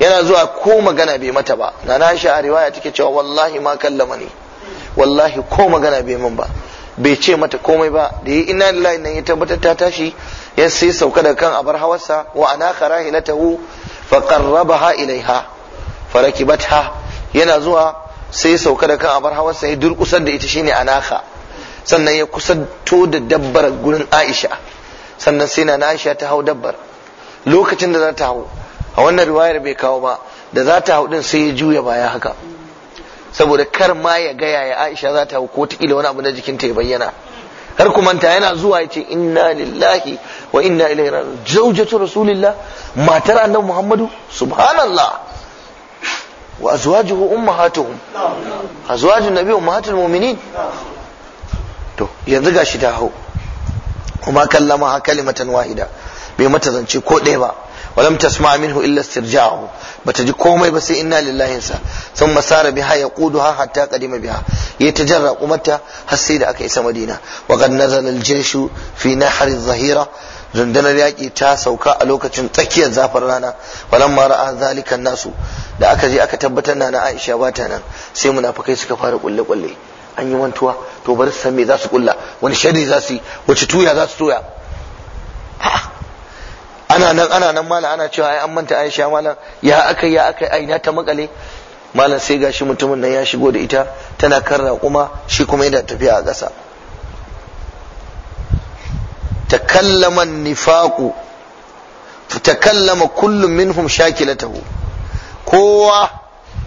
yana zuwa ko magana bai mata ba na na shi a riwaya take cewa wallahi ma kallamani wallahi ko magana bai min ba bai ce mata komai ba da yi ina lillahi nan ya tabbatar ta tashi ya sai sauka da kan abar hawarsa wa ana karahilatahu fa qarrabaha ilaiha farakibatha yana zuwa sai sauka da kan abar hawarsa ya durkusar da ita shine anaka sannan ya kusanto da dabbar gurin Aisha sannan sai na Aisha ta hau dabbar lokacin da za ta hau a wannan riwayar bai kawo ba da za ta hau din sai ya juya baya haka saboda kar ma ya gaya ya Aisha za ta ko ta wani abu na jikinta ya bayyana har ku manta yana zuwa ya ce inna lillahi wa inna ilaihi raji'un zaujatu rasulillah matar annabi Muhammadu subhanallah wa azwajuhu ummahatuhum azwajun nabi ummahatul mu'minin to yanzu gashi ta hau kuma kallama ha kalimatan wahida bai mata zance ko ɗaya ba ولم تسمع منه إلا استرجاعه بتجي كومي بس إنا لله إنسا ثم سار بها يقودها حتى قدم بها يتجرى قمتها هسيد أكيس مدينة وقد نزل الجيش في نحر الظهيرة rundunar yaƙi ta sauka a lokacin tsakiyar zafin rana walan mara nasu da aka je aka tabbatar na aisha ba ta nan sai munafukai suka fara kulle kulle an yi mantuwa to bari su san me za su kulla wani shari za su yi wace tuya za su tuya ana nan ana nan malam ana cewa ai an manta Aisha malam ya akai ya akai ai na ta makale malam sai gashi mutumin nan ya shigo da ita tana kan raƙuma shi kuma yana tafiya a ƙasa takallama nifaqu takallama kullum minhum shakilatahu kowa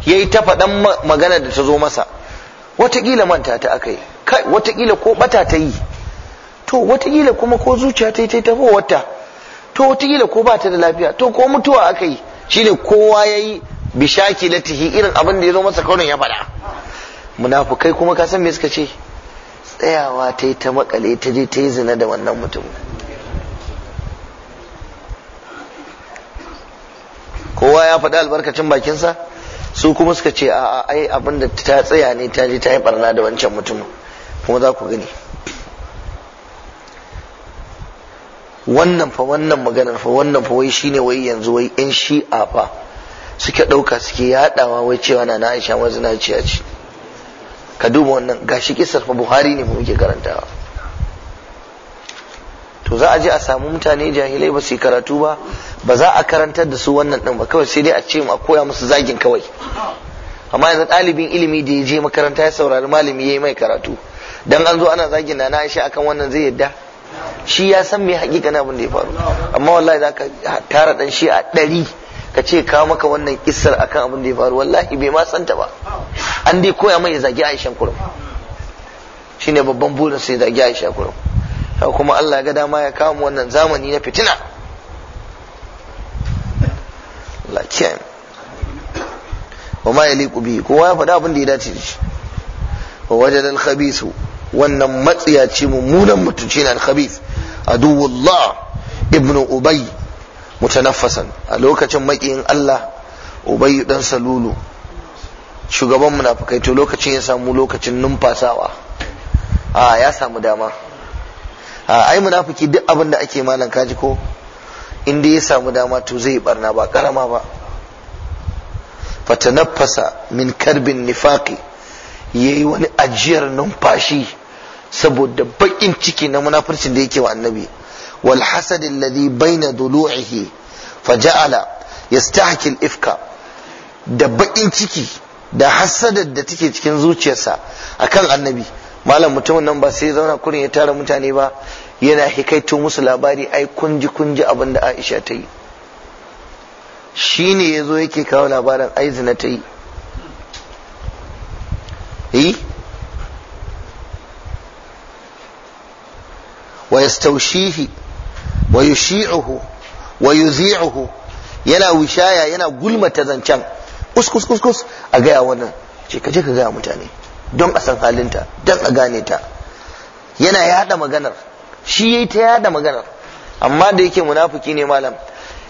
yayi ta faɗan magana da ta zo masa watakila manta ta akai kai watakila ko bata ta yi to watakila kuma ko zuciya ta yi ta wata to wataƙila ko ba ta da lafiya to ko mutuwa aka yi shine kowa ya yi bishaki latihi irin abin da ya zo masa kaunin ya faɗa munafukai kuma ka san me suka ce tsayawa ta yi ta makale ta je ta yi zina da wannan mutum kowa ya faɗi albarkacin bakinsa su kuma suka ce a ai abin da ta tsaya ne ta je ta yi barna da wancan mutum. kuma za ku gani wannan fa wannan maganar fa wannan fa wai shine wai yanzu wai yan shi'a fa suke ɗauka suke yaɗawa wai cewa na Aisha wanzu na ciya ce ka duba wannan gashi kisar fa Buhari ne mu muke karantawa to za a je a samu mutane jahilai ba su karatu ba ba za a karantar da su wannan din ba kawai sai dai a ce a koya musu zagin kawai amma yanzu ɗalibin ilimi da ya je makaranta ya saurari malami ya yi mai karatu dan an zo ana zagin na Aisha akan wannan zai yadda shi ya san mai na abin da ya faru amma wallahi za ka tara dan shi a ɗari ka ce kawo maka wannan kissar akan abin da ya faru wallahi bai ma santa ba an dai koya mai ya zagi aishan kurum ne babban burin sai zagi aisha kurum kuma Allah ya ga dama ya kawo wannan zamani na fitina lakin wa ma kowa ya faɗa abin da ya dace da shi wa al khabisu wannan matsiyaci mummunan mutunci na al khabisu aduwullah ibnu ubay mutanaffasan a lokacin makiyin Allah ubay dan salulu shugaban munafikai to lokacin ya samu lokacin numfasawa a ya samu dama a ai munafiki duk abin da ake malan kaji ko inda ya samu dama to zai barna ba karama ba fatanaffasa min karbin nifaqi yayi wani ajiyar numfashi saboda baƙin ciki na munafircin da yake wa annabi wal hasad alladhi baina dulu'ihi faja'ala yastahki al-ifka da baƙin ciki da hasadar da take cikin zuciyarsa akan annabi malam mutumin nan ba sai zauna kurin ya tara mutane ba yana hikaito musu labari ai kunji kunji abin da Aisha ta yi shine yazo yake kawo labarin ai zina ta yi eh ويستوشيه ويشيعه ويذيعه yana wishaya yana gulmata zancen kuskus a gaya wannan ce kaje ka gaya mutane don a san halinta don a gane ta yana yada maganar shi yayi ta yada maganar amma da yake munafiki ne malam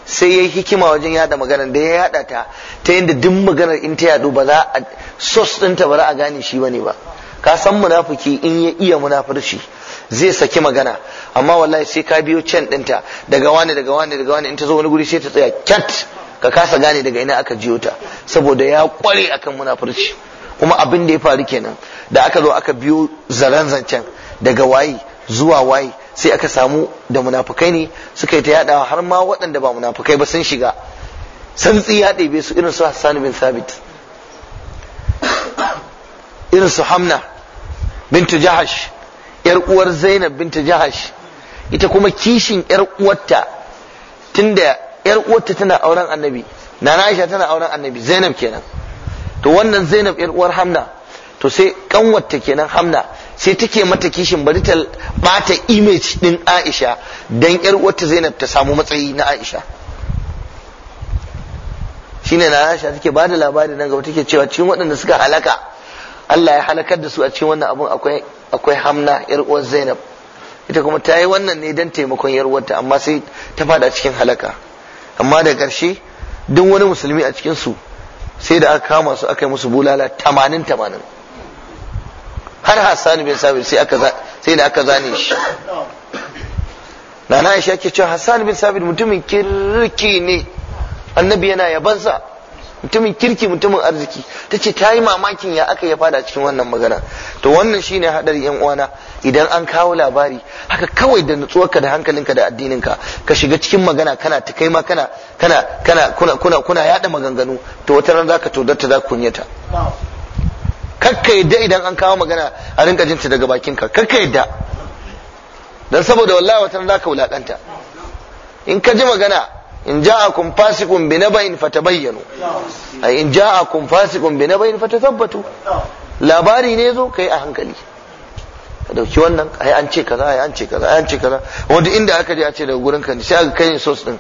sai yayi hikima wajen yada maganar da ya yada ta ta yadda duk maganar in ta yadu ba za a sos ɗinta ba za a gane shi bane ba ka san munafiki in ya iya munafurci zai saki magana amma wallahi sai ka biyo can dinta, daga wani daga wani daga wani in ta zo wani guri sai ta tsaya cat ka kasa gane daga ina aka jiyo ta saboda ya kware akan munafurci kuma abin da ya faru kenan da aka zo aka biyo zaren zancen daga waye zuwa waye sai aka samu da munafukai ne suka yi ta yadawa har ma waɗanda ba munafukai ba sun shiga santsi ya ɗebe su irin su Hassan bin Sabit irin su Hamna bintu Jahash yar uwar Zainab binta Jahash ita kuma kishin yar uwarta tunda yar uwarta tana auren Annabi Nana Aisha tana auren Annabi Zainab kenan to wannan Zainab yar uwar Hamna to sai kanwarta kenan Hamna sai take mata kishin bari ta bata image din Aisha dan yar uwarta Zainab ta samu matsayi na Aisha shine Nana Aisha take da labari nan gaba take cewa cikin waɗanda suka halaka Allah ya halakar da su a cikin wannan abun akwai akwai hamna yar uwar zainab ita kuma ta yi wannan ne don taimakon yar amma sai ta fada cikin halaka amma da ƙarshe duk wani musulmi a cikinsu sai da aka kama su aka yi musu bulala tamanin tamanin har hassan bin Sabir sai da aka zane shi nana aisha ke cewa hassan bin Sabir mutumin kirki ne annabi yana yabansa mutumin kirki mutumin arziki ta ce ta yi mamakin ya aka ya fada cikin wannan magana to wannan shine hadari yan uwana idan an kawo labari haka kawai da nutsuwarka da hankalinka da addininka ka shiga cikin magana kana ta kai ma kana kana kana kuna kuna kuna yada maganganu to wata ran zaka ta za kunyata kakka yadda idan an kawo magana a rinka jinta daga bakinka kakka yadda dan saboda wallahi wata ran zaka wulakanta in ka ji magana in ja'akum fasiqun naba'in fatabayyanu ai in ja'akum fasiqun naba'in fatathabbatu labari ne zo kai a hankali ka dauki wannan ai an ce kaza ai an ce kaza ai an ce kaza wanda inda aka je a ce daga gurin ka sai aka kai sos din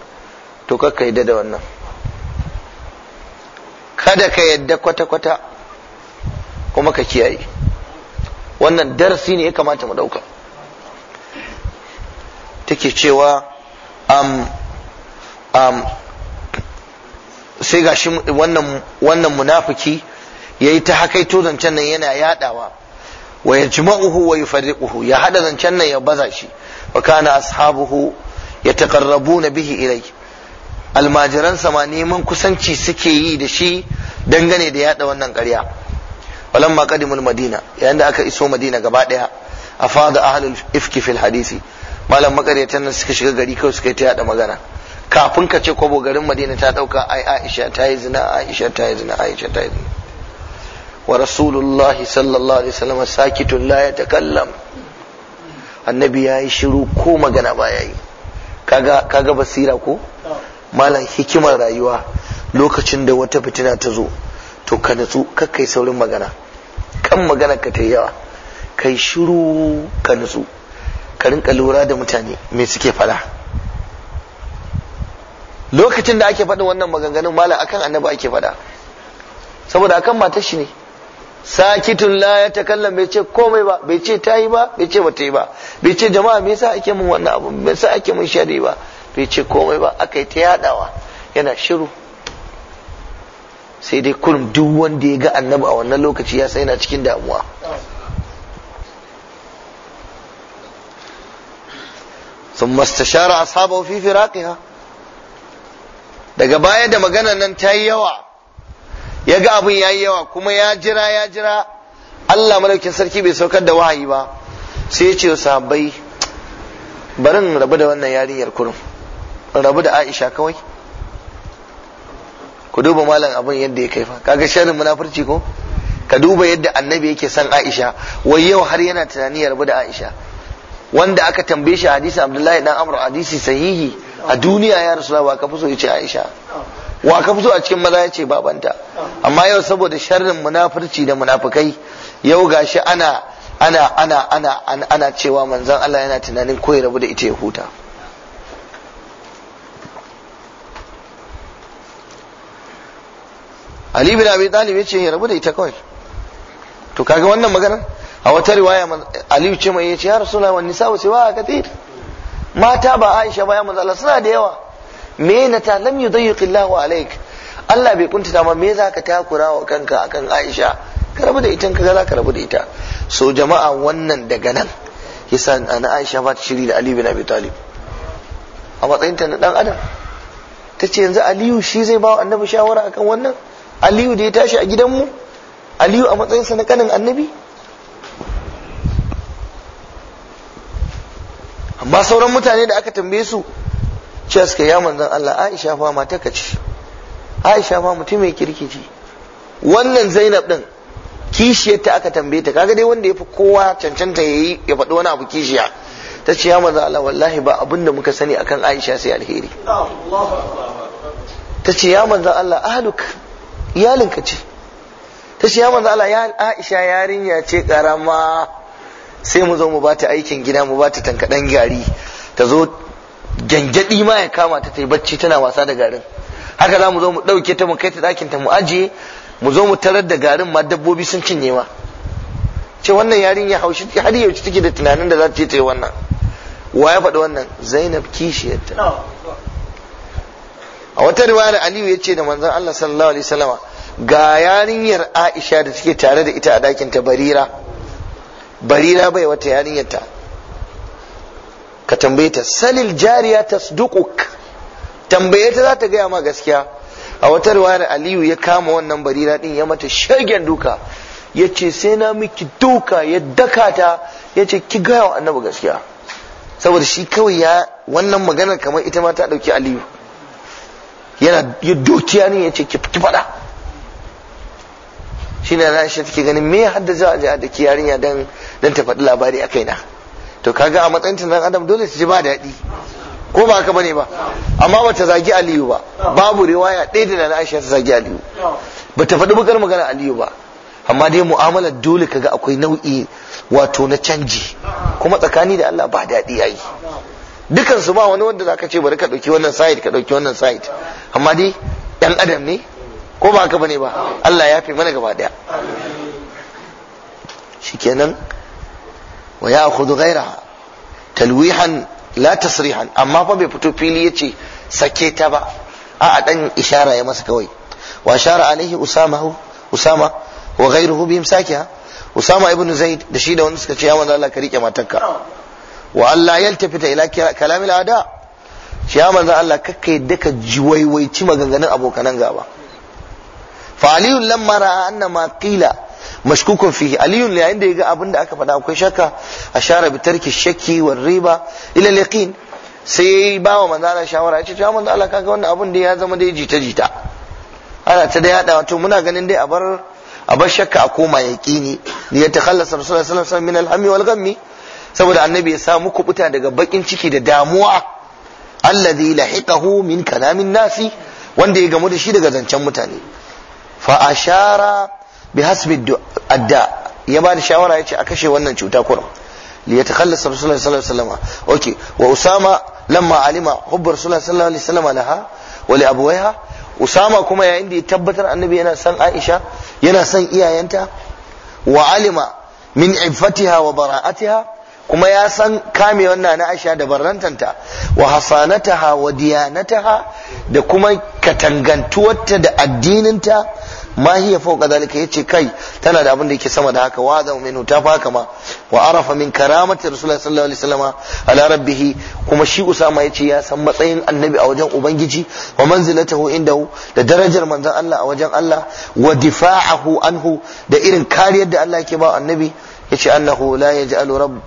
to ka kai da wannan kada ka yadda kwata kwata kuma ka kiyaye wannan darasi ne ya kamata mu dauka take cewa am Um, sai gashi wannan wannan munafiki yi ta hakaito zancen nan yana yadawa wa ya yajma'uhu wa yufarriquhu ya haɗa zancen nan ya baza shi wa kana ashabuhu na bihi ilai almajiran sama neman kusanci suke yi da shi dangane da yada wannan ƙarya walamma qadimul madina yayin da aka iso madina gaba daya afada ahlul ifki fil hadisi malam makariyatan nan suka shiga gari kawai suka yi ta yada magana kafin ka ce kwabo garin madina ta dauka ai aisha ta yi zina aisha ta yi zina aisha ta yi zina wa rasulullah sallallahu alaihi wasallam sakitun la yatakallam annabi ya yi shiru ko magana ba ya yi kaga kaga basira ko malam hikimar rayuwa lokacin da wata fitina ta zo to ka natsu kai saurin magana kan magana ka ta yawa kai shiru ka nutsu ka rinka lura da mutane me suke fada lokacin da ake faɗin wannan maganganun malam akan annabi ake faɗa saboda akan matar shi ne sakitun la ya takallam bai ce komai ba bai ce ta yi ba bai ce bata yi ba bai ce jama'a me yasa ake mun wannan abu me yasa ake mun shari ba bai ce komai ba aka yi ta yadawa yana shiru sai dai kurum duk wanda ya ga annabi a wannan lokaci ya sai yana cikin damuwa ثم استشار أصحابه في فراقها daga baya da magana nan ta yi yawa ya ga abin ya yi yawa kuma ya jira ya jira Allah malaukin sarki bai saukar da wahayi ba sai ya ce wa sahabbai in rabu da wannan yarinyar kurum rabu da Aisha kawai ku duba malam abin yadda ya kai fa kaga sharrin munafurci ko ka duba yadda annabi yake son Aisha wai yau har yana tunani ya rabu da Aisha wanda aka tambaye shi hadisi Abdullahi dan Amr hadisi sahihi a duniya ya rasu wa ka so yace Aisha wa ka so a cikin maza yace babanta amma yau saboda sharrin munafurci da munafukai yau gashi ana ana ana ana ana cewa manzon Allah yana tunanin ko ya rabu da ita ya huta Ali bin Abi Talib yace ya rabu da ita kawai to kaga wannan maganar a wata riwaya Ali ce mai yace ya rasulullah wan nisa'u siwa katir mata ba Aisha ba ya manzo Allah suna da yawa me na ta lam yudayyiqi alaik Allah bai kuntata ma me zaka takura wa kanka akan Aisha ka rabu da ita ka ga ka rabu da ita so jama'a wannan daga nan yasa ana Aisha ba ta shiri da Ali bin Abi Talib a matsayin ta na dan adam tace yanzu Aliyu shi zai ba annabi shawara akan wannan Aliyu da ya tashi a gidanmu Aliyu a matsayinsa na kanin annabi Ba sauran mutane da aka tambaye su ce suka ya manzon Allah Aisha fa ta kace Aisha fa mutum mai kirki ce wannan Zainab din kishiyar ta aka tambaye ta kaga dai wanda ya fi kowa cancanta yayi ya faɗi wani abu kishiya ta ce ya manzon Allah wallahi ba abin da muka sani akan Aisha sai alheri ta ce ya manzon Allah ahluk iyalinka ce ta ce ya manzon Allah ya Aisha yarinya ce karama sai mu zo mu bata aikin gida mu bata tankadan gari ta zo gyangyaɗi ma ya kama ta tai bacci tana wasa da garin haka za mu zo mu ɗauke ta mu kai ta ɗakin ta mu ajiye mu zo mu tarar da garin ma dabbobi sun cinye ma ce wannan ya haushi har yaushe take da tunanin da za ta je ta yi wannan wa ya faɗi wannan zainab kishiyarta a wata da aliyu ya ce da manzon allah sallallahu alaihi wasallama ga yarinyar aisha da take tare da ita a dakin ta barira barira bai wata yarinyarta ka tambaye ta salil jariya tasduquk tambaye ta za ta gaya ma gaskiya a wata riwayar aliyu ya kama wannan barira din ya mata shagen duka yace sai na miki duka ya daka ta ya ki gaya wa annabi gaskiya saboda shi kawai ya wannan maganar kamar ita ma ta ɗauki aliyu yana ya dukiya yace ya ce ki faɗa shi na rashi take ganin me hadda za a da a daki yarinya dan dan ta faɗi labari a na. to kaga a matsayin ta adam dole su ji ba daɗi ko ba haka bane ba amma bata zagi Aliyu ba babu riwaya ɗaya da na rashi ta zagi Aliyu Ba ta faɗi bukar magana Aliyu ba amma dai mu'amalar dole kaga akwai nau'i wato na canji kuma tsakani da Allah ba daɗi yayi dukan su ba wani wanda zaka ce bari ka ɗauki wannan side ka ɗauki wannan side amma dai ɗan adam ne ko ba haka bane ba Allah ya fi mana gaba daya shikenan wa ya khudu ghayraha talwihan la tasrihan amma fa bai fito fili yace sake ta ba a dan ishara ya masa kawai wa shara alaihi usama usama wa ghairuhu bihim sakiha usama ibn zaid da shi da wanda suka ce ya manzo Allah ka rike matarka wa Allah tafita ila kalamil ada shi ya manzo Allah kakkai yadda ka jiwaiwaici maganganun abokanan gaba fa aliyun lamma ra'a anna ma qila mashkukun fihi aliyun yayin da yaga abin da aka faɗa akwai shakka ashara bi tarki shakki wal riba ila yaqin sai yayi ba wa manzo Allah shawara ya ce to manzo Allah kaga wannan abin da ya zama dai jita jita ana ta da yada to muna ganin dai a bar a bar shakka a koma yaqini ya takhallasa rasulullahi sallallahu alaihi wasallam min al-hammi wal saboda annabi ya samu kubuta daga bakin ciki da damuwa alladhi lahiqahu min kalamin nasi wanda ya gamu da shi daga zancen mutane fa ashara bi hasbi adda ya ba da shawara ce a kashe wannan cuta kurum li sallallahu alaihi wasallam okay wa usama lamma alima hubbar sallallahu alaihi wasallam laha wa li abawaiha usama kuma yayin da ya tabbatar annabi yana san aisha yana san iyayenta wa alima min iffatiha wa bara'atiha kuma ya san kame wannan na Aisha da barrantanta wa hasanataha wa diyanataha da kuma katangantuwarta da addininta ma hiya fawqa zalika yace kai tana da abin da yake sama da haka wa zau minhu ta faka ma wa arafa min karamati rasulullahi sallallahu alaihi wasallama ala rabbih kuma shi usama yace ya san matsayin annabi a wajen ubangiji wa manzilatahu indahu da darajar manzon Allah a wajen Allah wa difa'ahu anhu da irin kariyar da Allah yake ba annabi yace annahu la yaj'alu rabb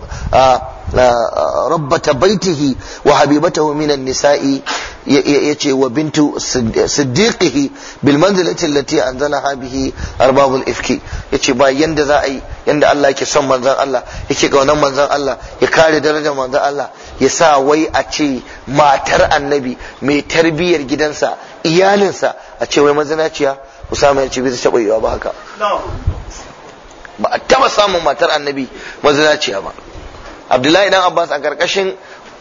rabbata baitihi wa habibatahu minan nisa'i yace wa bintu siddiqihi bil manzilati allati anzalaha bihi arbabul ifki yace ba yanda za a yi yanda Allah yake son manzon Allah yake wannan manzon Allah ya kare darajar manzon Allah ya sa wai a ce matar annabi mai tarbiyyar gidansa iyalinsa a ce wai mazinaciya Usama ya ce bai taba yiwa ba haka ba a taɓa samun matar annabi mazinaciya ba Abdullahi dan Abbas a karkashin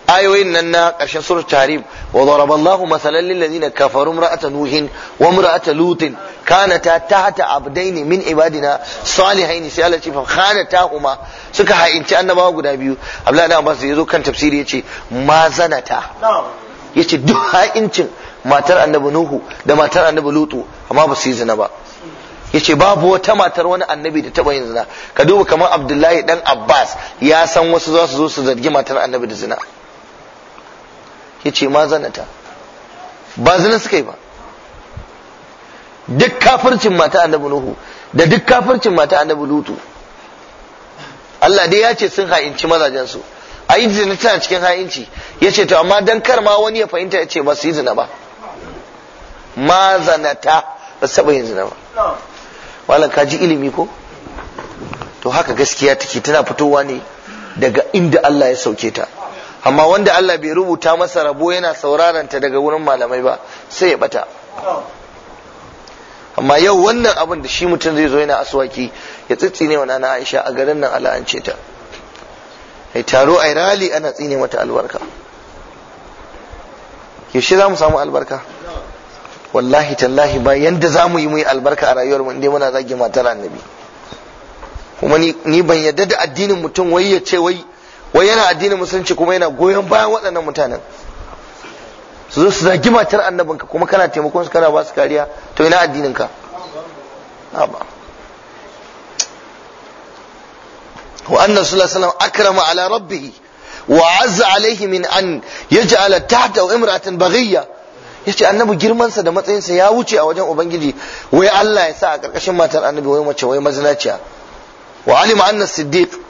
ayoyin nan na ƙarshen sura tarim wa daraballahu masalan lil ladina kafaru imra'ata nuhin wa imra'ata lutin kanata tahta abdaini min ibadina salihaini sai Allah ce fa khanata huma suka ha'inci annabawa guda biyu Abdullahi ibn Abbas yazo kan tafsiri yace ma zanata yace duk ha'incin matar annabi Nuhu da matar annabi Lutu amma ba su yi zina ba yace babu wata matar wani annabi da taba yin zina ka duba kamar Abdullahi dan Abbas ya san wasu za su zo su zargi matar annabi da zina yace ma zanata ba zina suka yi ba duk kafircin mata annabi nuhu da duk kafircin mata annabi lutu Allah dai ya ce sun ha'inci mazajensu su yi zina tana cikin ha'inci yace to amma don kar ma wani ya fahimta yace ba su yi zina ba ma zanata ba su yin zina ba wala ka ji ilimi ko to haka gaskiya take tana fitowa ne daga inda Allah ya sauke ta amma wanda Allah bai rubuta masa rabo yana sauraron ta daga wurin malamai ba sai ya bata amma yau wannan abin da shi mutum zai zo yana aswaki ya tsitsine wa nana Aisha a garin nan ce ta ai taro ai rali ana tsine mata albarka yaushe za mu samu albarka wallahi tallahi ba yanda za mu yi mu yi albarka a rayuwar mu inda muna zagi matar annabi kuma ni ban yadda da addinin mutum wai ya ce wai wai yana addinin musulunci kuma yana goyon bayan waɗannan mutanen su zo su zagi matar annabinka kuma kana taimakon su kana ba su kariya to ina addinin ka wa anna sallallahu akrama ala rabbih wa azza alaihi min an yaj'ala tahta imra'atan baghiya yace annabi girmansa da matsayin sa ya wuce a wajen ubangiji wai Allah ya sa a karkashin matar annabi wai mace wai mazinaciya wa alima anna siddiq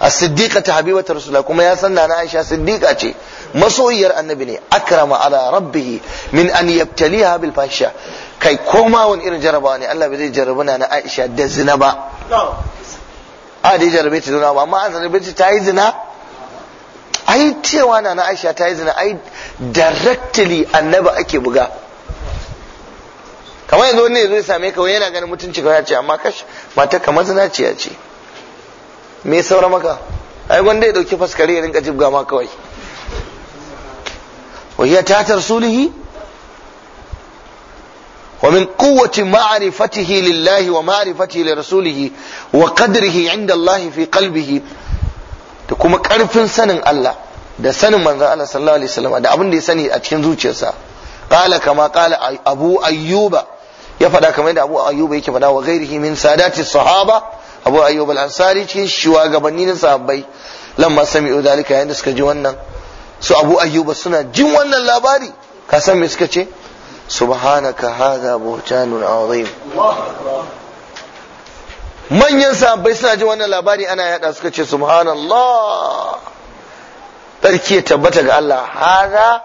as-siddiqa ta habibatu rasulullah kuma ya san nana Aisha siddiqa ce masoyiyar annabi ne akrama ala rabbih min an yabtaliha bil fahsha kai koma wani irin jaraba ne Allah bai zai jarabi nana Aisha da zina ba a dai jarabe ta zina ba amma an jarabe ta ta yi zina ai cewa nana Aisha ta yi zina ai directly annabi ake buga kamar yanzu wani ne ya same ka wani yana ganin mutunci ka ya ce amma kashi, mata kamar zina ce ya ce me saura maka ai wanda ya dauki faskare ya rinka jibga ma kawai wa hiya tatar sulihi wa min quwwati ma'rifatihi lillahi wa ma'rifatihi li rasulihi wa qadrihi 'inda Allah fi qalbihi da kuma karfin sanin Allah da sanin manzon Allah sallallahu alaihi wasallam da abin da ya sani a cikin zuciyarsa qala kama qala abu ayyuba ya faɗa kamar da abu ayyuba yake faɗa wa ghairihi min sadati sahaba abu ayyub al-ansari cikin shugabanni na sahabbai lamma sami'u dalika yayin da suka ji wannan su abu ayyuba suna jin wannan labari ka san me suka ce subhanaka hadha buhtanun azim manyan sahabbai suna jin wannan labari ana yada suka ce subhanallah tarki tabbata ga Allah hadha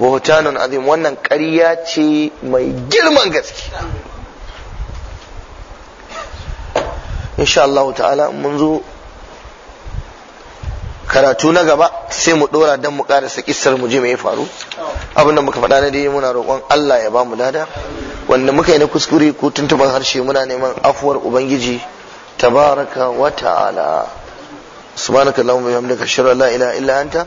buhtanun azim wannan ƙarya ce mai girman gaske insha Allah ta'ala mun zo karatu na gaba sai mu dora dan mu karasa kissar mu je mu ya faru abin da muka faɗa na dai muna roƙon Allah ya ba mu dada wanda muka yi na kuskure ko tuntuban harshe muna neman afuwar ubangiji tabaraka wa ta'ala subhanaka allahumma wa bihamdika ashhadu an la ilaha illa anta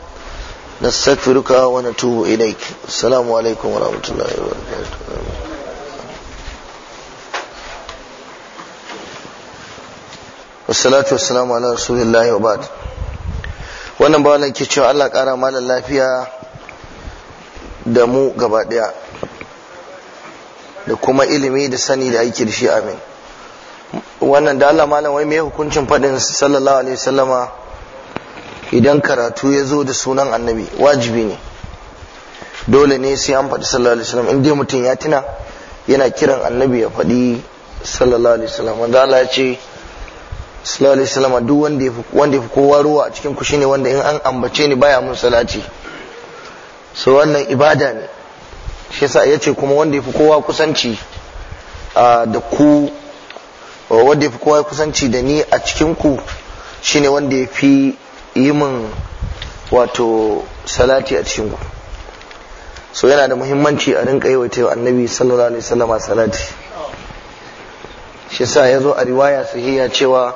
nastaghfiruka wa natubu ilaik assalamu alaikum wa rahmatullahi wa barakatuh wasalatu wasalamu ala rasulillahi wa ba'd wannan ba bawalan ke cewa Allah kara malan lafiya da mu gaba daya da kuma ilimi da sani da aiki da shi amin wannan da Allah malam wai me hukuncin fadin sallallahu alaihi wasallama idan karatu ya zo da sunan annabi wajibi ne dole ne sai an faɗi sallallahu alaihi wasallam in mutum ya tuna yana kiran annabi ya faɗi sallallahu alaihi wasallam wanda Allah ya ce sallallahu alaihi wasallam duk wanda yafi wanda yafi kowa ruwa a cikin ku shine wanda in an ambace ni baya mun salati so wannan ibada ne shi yasa yace kuma wanda yafi kowa kusanci da ku wanda yafi kowa kusanci da ni a cikin ku shine wanda yafi yi min wato salati a cikin ku so yana da muhimmanci a rinka yi wa annabi sallallahu alaihi wasallam salati shi yasa yazo a riwaya sahiha cewa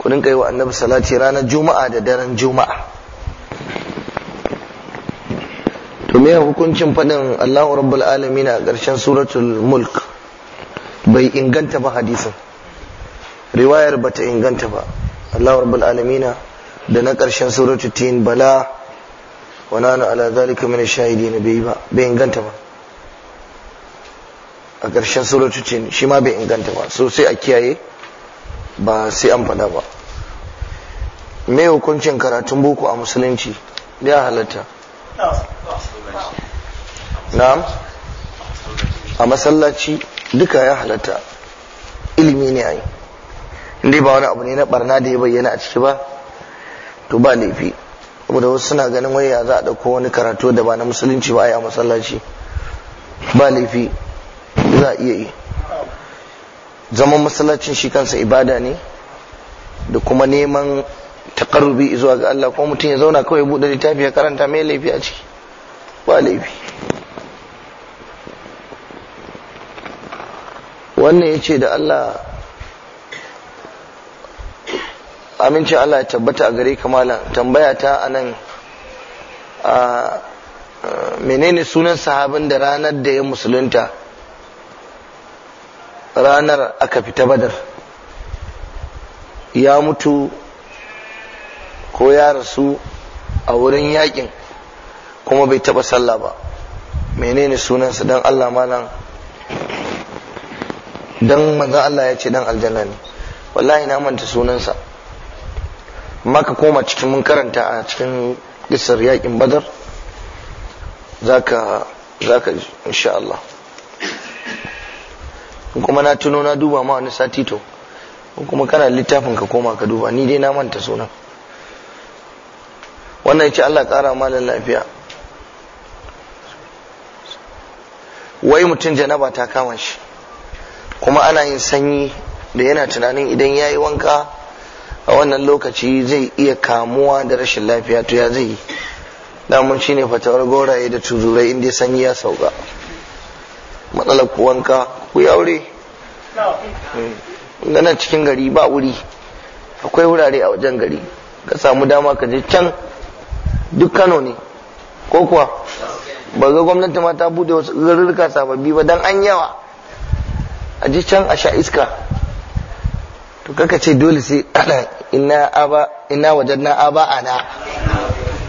ku dinka yi wa annabi salati ranar juma'a da daren juma'a to me hukuncin faɗin Allahu rabbul alamin a ƙarshen suratul mulk bai inganta ba hadisin riwayar ba ta inganta ba Allahu rabbul alamin da na ƙarshen suratul tin bala wa nanu ala zalika min ash-shahidin bai ba bai inganta ba a ƙarshen suratul tin shi ma bai inganta ba so sai a kiyaye ba sai an faɗa ba me hukuncin karatun boko a musulunci ya halatta na'am a masallaci duka ya halatta ilimi ne yi inda ba wani abu ne na barna da ya bayyana a ciki ba to ba laifi da wasu suna ganin waya za a dauko wani karatu da ba na musulunci ba a yi a masallaci ba laifi za a iya yi zaman masallacin shi kansa ibada ne da kuma neman takarubi zuwa ga Allah ko mutum ya zauna kawai buɗe littafi ya karanta mai laifi a ciki ba laifi wannan ya ce da Allah amincin Allah ya tabbata a gare kamala tambaya ta a a menene sunan sahabin da ranar da ya musulunta ranar aka fita badar ya mutu ko ya rasu a wurin yakin kuma bai taba sallah ba menene sunansa dan Allah malam dan manzon Allah ya ce dan aljanna ne wallahi na manta sunansa maka koma cikin mun karanta a cikin kisar yakin badar zaka zaka insha Allah kuma na tuno na duba ma wani sati to kuma kana littafin ka koma ka duba ni dai na manta sunan wannan ya ce Allah ƙara malin lafiya wai mutum janaba ta kama shi kuma ana yin sanyi da yana tunanin idan ya yi wanka a wannan lokaci zai iya kamuwa da rashin lafiya to ya zai yi damun shi ne fatawar goraye da tuzurai inda sanyi ya sauka matsalar ku wanka ku yi aure eh, nan cikin gari ba wuri akwai wurare a wajen gari ka samu dama ka je can duk kano ne ko kuwa ba ga gwamnati ma ta bude wasu garurruka sababbi ba don an yawa a ji can a sha iska to kaka ce dole sai ina wajen ina wajen na aba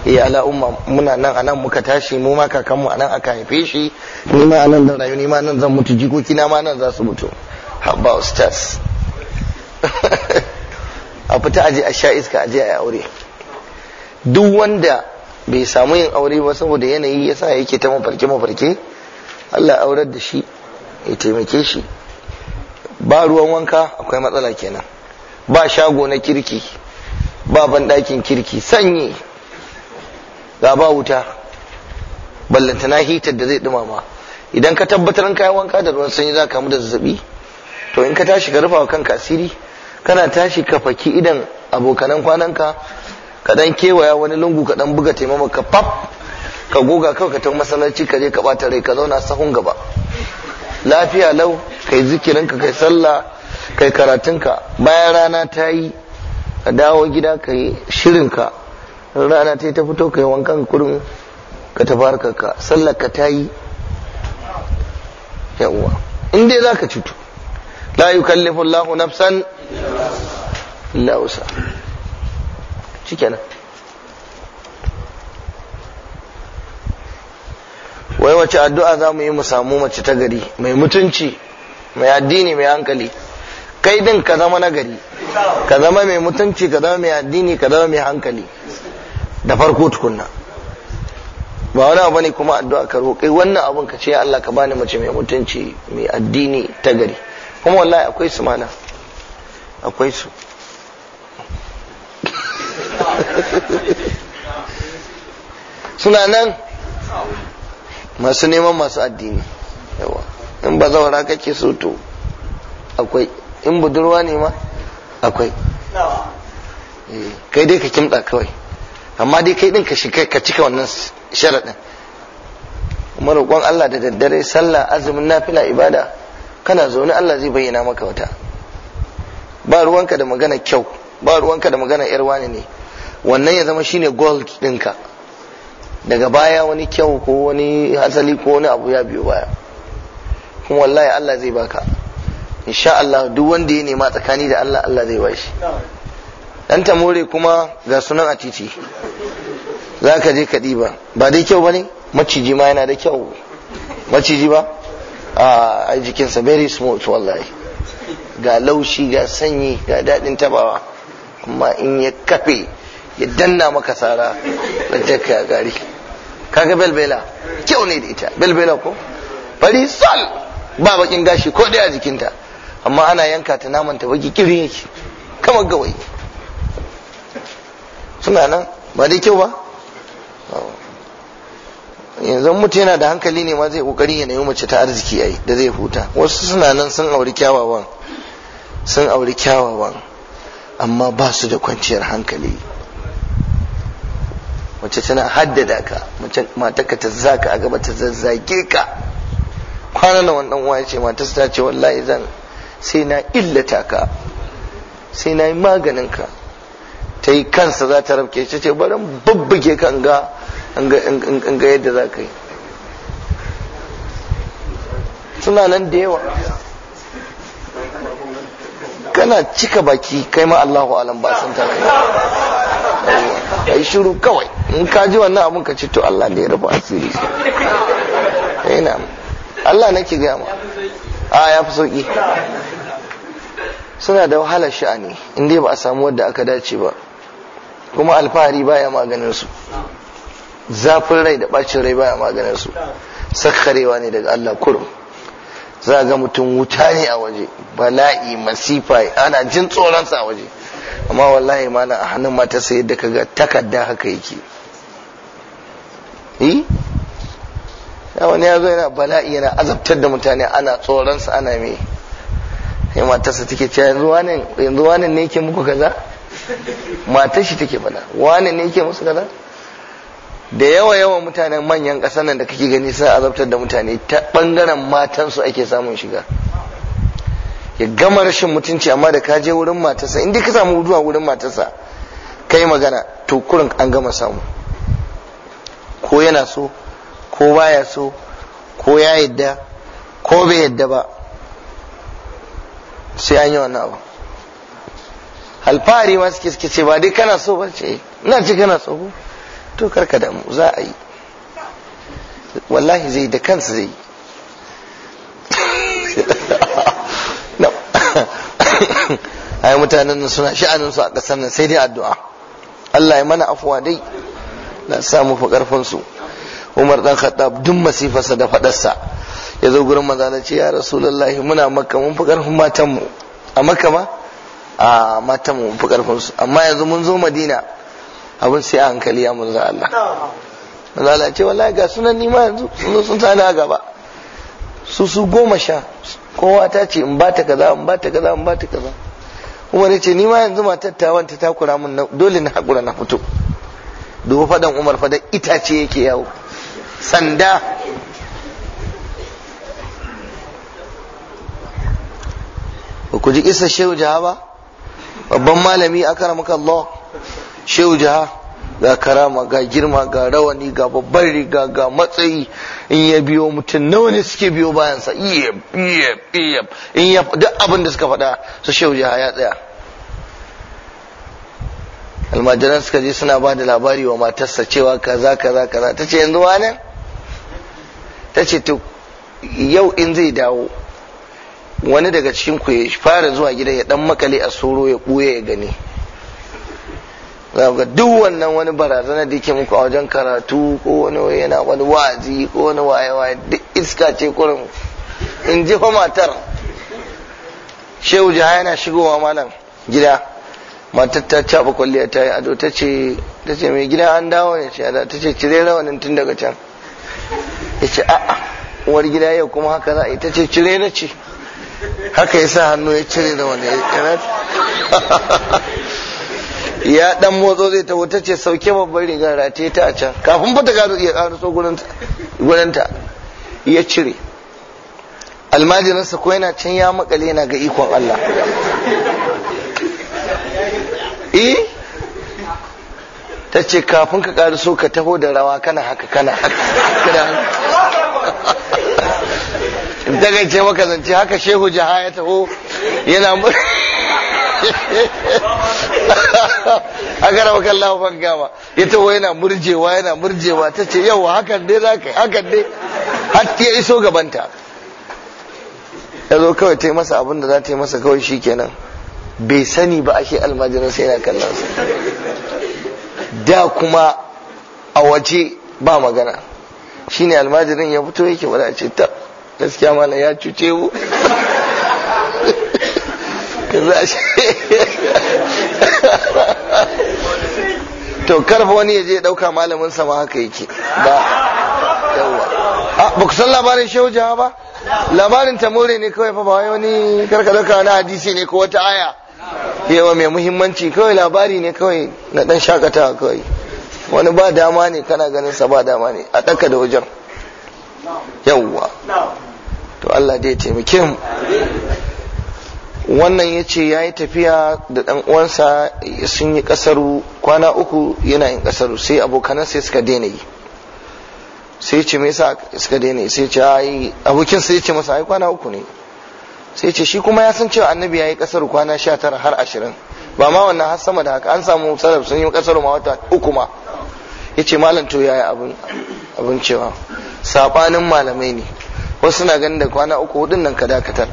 Eh, ala umma muna nan anan muka tashi mu ma kakanmu anan aka haife shi ni ma anan da rayu ni ma nan zan mutu jikoki na ma nan za su mutu habba ustaz a fita aje a sha iska aje a aure duk wanda bai samu yin aure ba saboda yanayi yasa yake ta mafarke mafarke Allah aurar da shi ya taimake shi ba ruwan wanka akwai matsala kenan ba shago na kirki ba banɗakin kirki sanyi ga ba wuta ballanta na hitar da zai dumama idan ka tabbatar kayan wanka da ruwan sanyi za ka kamu da zazzabi to in ka tashi ka rufa wa kanka asiri kana tashi ka faki idan abokanan kwananka ka dan kewaya wani lungu ka dan buga taimama ka faf ka goga kawai ka tafi masallaci ka je ka bata rai ka zauna sahun gaba lafiya lau kai zikirin ka kai sallah kai karatun ka bayan rana ta yi ka dawo gida kai shirin ka rana ta ta fito kai wankan kurin ka tabarka ka sallar ka ta yi yawwa in dai za ka cutu la yukallifu Allahu nafsan illa cike nan wai wace addu'a za mu yi mu samu mace ta gari mai mutunci mai addini mai hankali kai din ka zama nagari ka zama mai mutunci ka zama mai addini ka zama mai hankali da farko tukunna ba wani abu ne kuma addu'a ka roƙe wannan abun ka ce ya Allah ka bani mace mai mutunci mai addini ta gari kuma wallahi akwai su mana akwai su suna nan masu neman masu addini yawa in ba zaura kake so to akwai in budurwa ne ma akwai eh, kai dai ka kimta kawai amma dai kai din ka shiga ka cika wannan sharadin kuma roƙon Allah da daddare sallah azumin nafila ibada kana zaune Allah zai bayyana maka wata ba ruwanka da magana kyau ba ruwanka da magana yar wani ne wannan ya zama shine gold ɗinka daga baya wani kyau ko wani hasali ko wani abu ya biyo baya kuma wallahi Allah zai baka insha Allah duk wanda ya nema tsakani da Allah Allah zai ba shi. dan more kuma ga sunan a titi za ka je ka ɗiba ba dai kyau ba maciji ma yana da kyau maciji ba a jikinsa very smooth wallahi ga laushi ga sanyi ga daɗin tabawa amma in ya kafe ya danna maka sara da ya gari kaga belbela kyau ne da ita belbela ko bari sol ba bakin gashi ko dai a jikinta amma ana yanka ta naman ta baki kirin yake kamar gawayi suna nan ba dai kyau ba yanzu mutu yana da hankali ne ma zai kokari ya nemi mace ta arziki ai da zai huta wasu suna nan sun auri kyawawan sun auri kyawawan amma ba su da kwanciyar hankali mace tana haddada ka Mace matarka ta zaka a gaba ta zazzage ka Kwana nan wannan uwa ce mata ta ce wallahi zan sai na illata ka sai na yi maganin ka ta yi kansa za ta rabke shi ce bari bubbuge ka in ga yadda za ka yi suna nan da yawa kana cika baki kai ma Allahu alam ba san ta kai ai shiru kawai in ka ji wannan abun ka ci to Allah ne ya rufa asiri ina eh, Allah na ke gama a ya fi sauki suna da wahala sha'ani in dai ba a samu wadda aka dace ba kuma alfahari baya maganin su zafin rai da ɓacin rai baya maganin su sakkarewa ne daga Allah kurum za ga mutum wuta ne a waje bala'i masifa ana jin tsoronsa a waje amma wallahi mana a hannun mata sai yadda kaga takarda haka yake yi eh? ya wani ya zo yana bala'i yana azabtar da mutane ana tsoronsa ana me sai matarsa take cewa yanzu wani ne yake muku kaza Matashi take faɗa wani ne yake musu kaza da yawa yawa mutanen manyan ƙasar nan da kake gani sa azabtar da mutane ta ɓangaren matansu ake samun shiga ya gama rashin mutunci amma da ka je wurin matarsa in dai ka samu zuwa wurin matarsa kai magana to kurin an gama samu ko yana so ko baya so ko ya yadda ko bai yadda ba sai an yi wannan abu alfahari ma suke suke ce ba dai kana so ba ce ina ce kana so ba to karka da mu za a yi wallahi zai da kansa zai ai mutanen nan suna sha'anin su a kasar nan sai dai addu'a Allah ya mana afuwa dai na samu fa karfin su Umar dan Khattab duk masifarsa da fadarsa ya zo gurin manzo ce ya Rasulullahi muna makka mun fi karfin matan mu a makka ma a matan mu fi karfin su amma yanzu mun zo madina abin sai a hankali ya munza Allah manzo Allah ce wallahi ga sunan nima yanzu sun sun sani a gaba su su goma sha kowa ta ce in bata kaza in bata kaza in bata kaza kuma ne ce nima yanzu matar ta wanta ta kura mun dole na hakura na fito dubu fadan Umar ita itace yake yawo sanda ku ji isa shehu jaha ba babban malami a maka Allah shehu jiha ga karama ga girma ga rawani ga babban riga ga matsayi in ya biyo mutum nawa ne suke biyo bayansa iya iya iya in ya duk abin da suka faɗa su shehu jiha ya tsaya almajiran suka je suna ba da labari wa matarsa cewa kaza kaza kaza ta ce yanzu wani ta ce ta yau in zai dawo wani daga cikin ku ya fara zuwa gida ya dan makale a soro ya buye ya gani ga duk wannan wani barazana da yake muku a wajen karatu ko wani yana wani wa'azi ko wani waye waye duk iska ce kurin in ji fa matar shehu jaha yana shigowa malam gida matar ta caba kwalliya ta yi ado ta ce mai gida an dawo ne ce ta ce cire rawanin tun daga can ya ce a'a uwar gida yau kuma haka za a yi ta ce cire na ce haka ya sa hannu ya cire da wani ya dan motso zai ta wuta ce sauke babbar rigar da ta a can kafin fata gado iya karaso ta, ya cire almajirinsa ko yana can ya makale yana ga ikon Allah eh ta ce kafin ka so ka taho da rawa kana haka kana haka in gance maka zance haka shehu jaha ya taho yana haka da maka gama ya taho yana murjewa yana murjewa ta ce yau hakan dai za ka yi hakan dai Hatta ya iso gabanta ya zo kawai ta yi masa abin da za ta yi masa kawai shi kenan bai sani ba ake almajirin sai yana kallon su da kuma a waje ba magana shine almajirin ya fito yake wadace ce ta gaskiya mana ya cuce mu to karfa wani ya je dauka malamin sama haka yake ba yawa a ah, ba ku san labarin shehu jaha ba labarin tamore ne kawai fa ba wani karka dauka na hadisi ne ko wata aya yawa mai muhimmanci kawai labari ne kawai na dan shakata kawai wani ba dama ne kana ganin sa ba dama ne a daka da wajen yawa to Allah dai ya taimake mu wannan ya ce ya yi tafiya da ɗan uwansa sun yi ƙasaru kwana uku yana yin ƙasaru sai abokanan sai suka daina yi sai ce me yasa suka daina yi sai ce ai abokin sai ce masa ai kwana uku ne sai ce shi kuma ya san cewa annabi ya yi ƙasaru kwana sha tara har ashirin ba ma wannan har sama da haka an samu salaf sun yi ƙasaru ma wata uku ma ya ce malam to yaya abin abin cewa saɓanin malamai ne wasu suna ganin da kwana uku hudun nan ka dakatar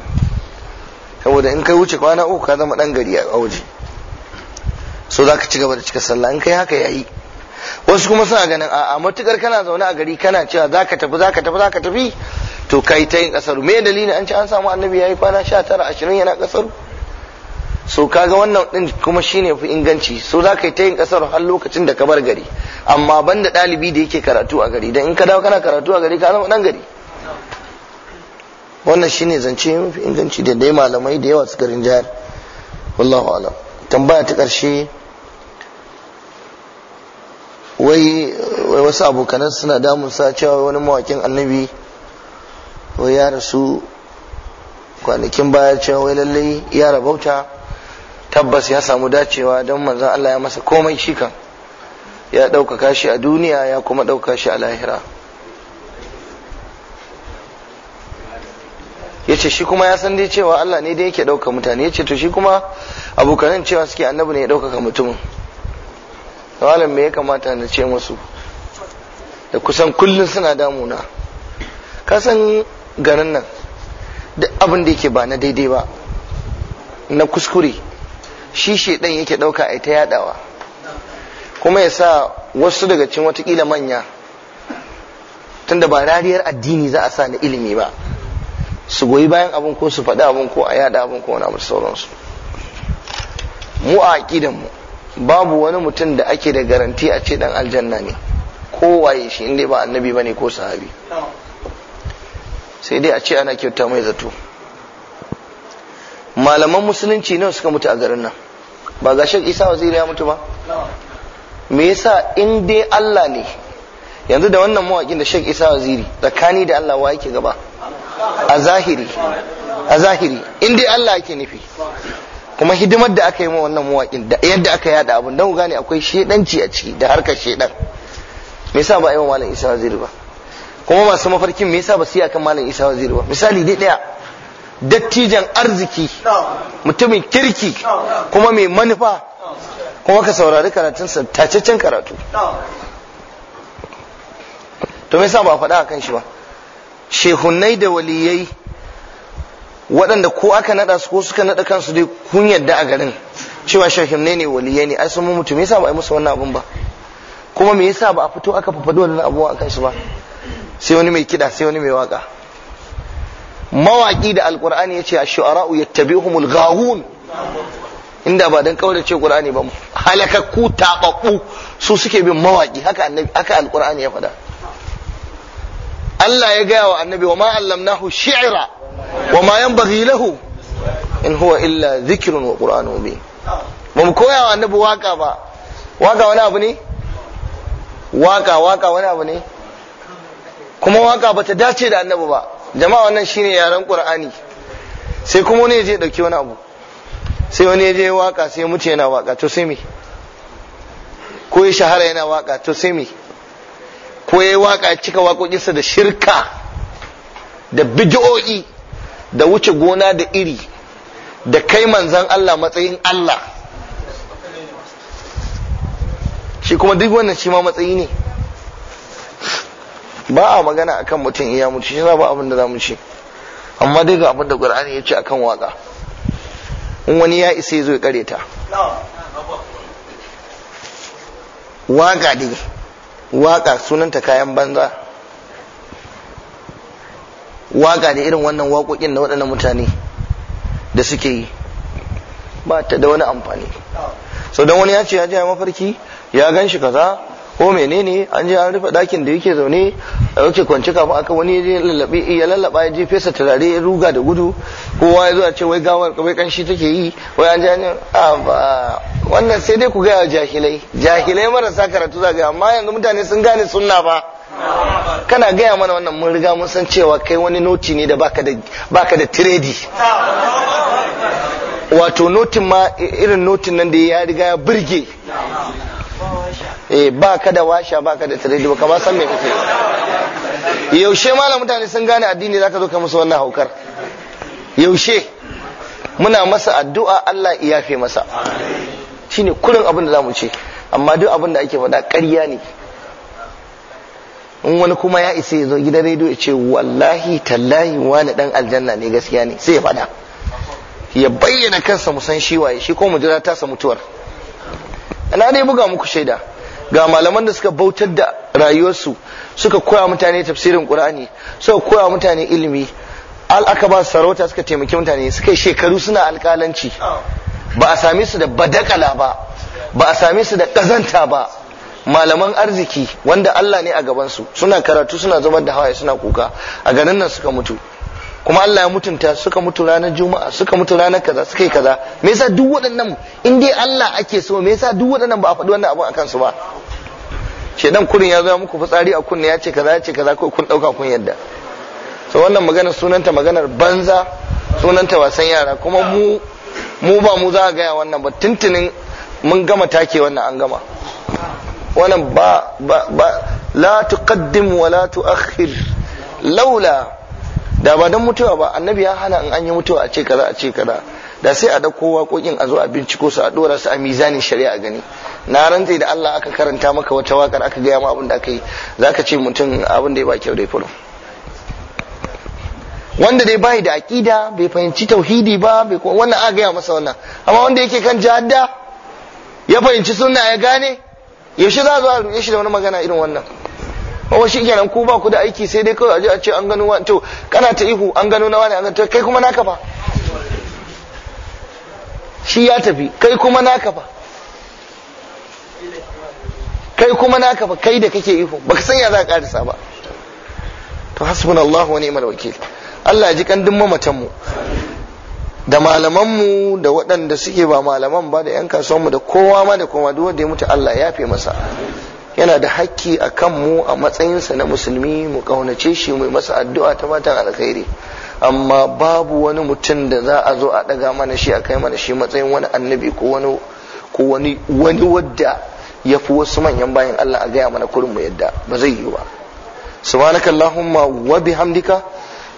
saboda in kai wuce kwana uku ka zama dan gari a waje so za ka ci gaba da cika sallah in kai haka yayi wasu kuma suna ganin a matukar kana zaune a gari kana cewa za ka tafi za ka tafi za ka tafi to kai ta yin kasaru me dalilin an ci an samu annabi ya yayi kwana 19 20 yana kasaru so kaga wannan din kuma shine fi inganci so za ka yi ta yin kasar har lokacin da ka bar gari amma banda ɗalibi da yake karatu a gari dan in ka dawo kana karatu a gari ka zama ɗan gari wannan shine zance mafi inganci da dai malamai da yawa suka rinjayar wallahu alam tambaya ta karshe wai wasu abokanan suna damun sa cewa wani mawakin annabi wai ya rasu kwanakin baya cewa wai lallai ya rabauta tabbas ya samu dacewa don manzon Allah ya masa komai shi kan ya ɗaukaka shi a duniya ya kuma ɗaukaka shi a lahira yace shi kuma ya san dai cewa Allah ne dai yake ɗauka mutane yace to shi kuma abokanan cewa suke annabi ne ya ɗaukaka mutumin malam me ya kamata na ce musu da kusan kullum suna damuna ka san garin nan duk abin da yake ba na daidai ba na kuskure shi ɗan yake ɗauka a ta yadawa kuma ya sa wasu daga cikin watakila manya tunda ba rariyar addini za a sa na ilimi ba su goyi bayan abin ko su faɗi abin ko a yada abin ko wani abu sauransu mu a aƙidan mu babu wani mutum da ake da garanti a ce dan aljanna ne ko waye shi inda ba annabi bane ko sahabi sai dai a ce ana kyauta mai zato malaman musulunci nawa suka mutu a garin nan ba ga shek isa waziri ya mutu ba me yasa in dai Allah ne yanzu da wannan mawakin da shek isa waziri tsakani da Allah wa yake gaba a zahiri a zahiri in dai Allah ake nufi kuma hidimar da aka yi ma wannan mawaƙin da yadda aka yada abun dan gane akwai shedanci a ciki da harkar shedan me yasa ba a yi wa malam Isa Waziri ba kuma masu mafarkin me yasa ba su yi akan malam Isa Waziri ba misali dai ɗaya dattijan arziki mutumin kirki kuma mai manufa kuma ka saurari karatunsa can karatu to me yasa ba faɗa akan shi ba shehunnai da waliyai waɗanda ko aka naɗa su ko suka naɗa kansu dai kun yadda a garin cewa shehunnai ne waliyai ne ai sun mu mutum yasa ba a musu wannan abun ba kuma me yasa ba a fito aka fafado wannan abubuwa a su ba sai wani mai kiɗa sai wani mai waka Mawaƙi da alqur'ani yace a shuarau yattabi'uhumul ghawun inda ba dan ce qur'ani ba halakakku tababbu su suke bin mawaki haka annabi haka alqur'ani ya faɗa Allah ya gaya wa annabi wa ma allamnahu shi'ra wa ma yanbaghi lahu in huwa illa dhikrun wa qur'anun mubin ba mu koya wa annabi waka ba waka wani abu ne waka waka wani abu ne kuma waka bata dace da annabi ba jama'a wannan shine yaren qur'ani sai kuma wani ya je dauki wani abu sai wani ya je waka sai mu mutu yana waka to sai me ko ya shahara yana waka to sai me ko ya waka cika waƙoƙinsa da shirka da bidi'o'i da wuce gona da iri da kai manzan Allah matsayin Allah shi kuma duk wannan shi ma matsayi ne ba a magana akan mutum iya mutu shi ba abin da za mu ce amma dai ga abin da qur'ani ya ce akan waka in wani ya isa ya zo ya kare ta waka dai waka sunanta kayan banza waka da irin wannan waƙoƙin na waɗannan mutane da suke yi ba ta da wani amfani sau don wani ya ce ya ji mafarki ya gan shi kaza ko menene an je an rufe dakin da yake zaune yake kwance kafin aka wani ya lallabe ya lallaba ya je fesa turare ya ruga da gudu kowa ya zo ce wai gawar kawai kanshi take yi wai an je an wannan sai dai ku ga jahilai jahilai marasa karatu za ga amma yanzu mutane sun gane sunna ba kana gaya mana wannan mun riga mun san cewa kai wani noti ne da baka da baka da tiredi wato notin ma irin notin nan da ya riga ya burge eh ba ka da washa ba ka da tarihi ba ka ba san me kake yaushe malam mutane sun gane addini zaka zo ka musu wannan haukar yaushe muna masa addu'a Allah ya yafe masa shine kurin abin da zamu ce amma duk abin da ake faɗa ƙarya ne in wani kuma ya isa ya zo gidan rediyo ya ce wallahi tallahi wani dan aljanna ne gaskiya ne sai ya faɗa ya bayyana kansa musan shi waye shi ko mu jira ta mutuwar ana dai buga muku shaida ga malaman da suka bautar da rayuwarsu suka koya mutane tafsirin qur'ani suka koya mutane ilimi al aka ba sarauta suka taimaki mutane suka shekaru suna alƙalanci. ba a same su da badakala ba ba a same su da ƙazanta ba malaman arziki wanda Allah ne a gabansu suna karatu suna zubar da hawaye suna kuka a ganin nan suka mutu kuma Allah ya mutunta suka mutu ranar juma'a suka mutu ranar kaza suka yi kaza me yasa duk waɗannan in dai Allah ake so me yasa duk waɗannan ba a faɗi wannan abun akan su ba dan kurin ya zo muku fitsari a kunne ya ce kaza ya ce kaza ko kun ɗauka kun yadda so wannan magana sunanta maganar banza sunanta wasan yara kuma mu mu ba mu za a gaya wannan ba tuntunin mun gama take wannan an gama wannan ba ba ba la tuqaddim wa la tuakhir laula da ba don mutuwa ba annabi ya hana in an yi mutuwa a ce kaza a ce kaza da sai a dauko waƙoƙin a zo a binciko su a dora su a mizanin shari'a gani na rantse da Allah aka karanta maka wata wakar aka gaya ma abin da aka yi zaka ce mutum abin da ya ba kyau dai fulun wanda dai bai da aqida bai fahimci tauhidi ba bai wannan aka gaya masa wannan amma wanda yake kan jihadda ya fahimci sunna ya gane yaushe za a zo a shi da wani magana irin wannan wa oh, shi kenan ku ba ku da aiki sai dai kawai aje a ce an gano wani to kana ta ihu an gano na wani an gano kai kuma naka ba shi ya tafi kai kuma naka ba kai kuma naka ba kai da kake ihu baka san ya za ka karisa ba to hasbunallahu wa ni'mal wakil Allah ya ji kan dimma matan mu da malamanmu da waɗanda suke ba malaman ba da 'yan mu da kowa ma da kowa duk wanda ya mutu Allah ya fi masa yana da hakki a kan mu a matsayinsa na musulmi mu kaunace shi mai masa addu'a ta fatan alkhairi amma babu wani mutum da za a zo a daga mana shi a kai mana shi matsayin wani annabi ko wani ko wani wani wadda ya fi wasu manyan bayan Allah a gaya mana kurin mu yadda ba zai yi ba subhanaka allahumma wa bihamdika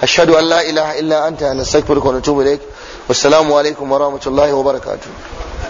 ashhadu an la ilaha illa anta nastaghfiruka wa natubu ilaik wassalamu alaikum wa rahmatullahi wa barakatuh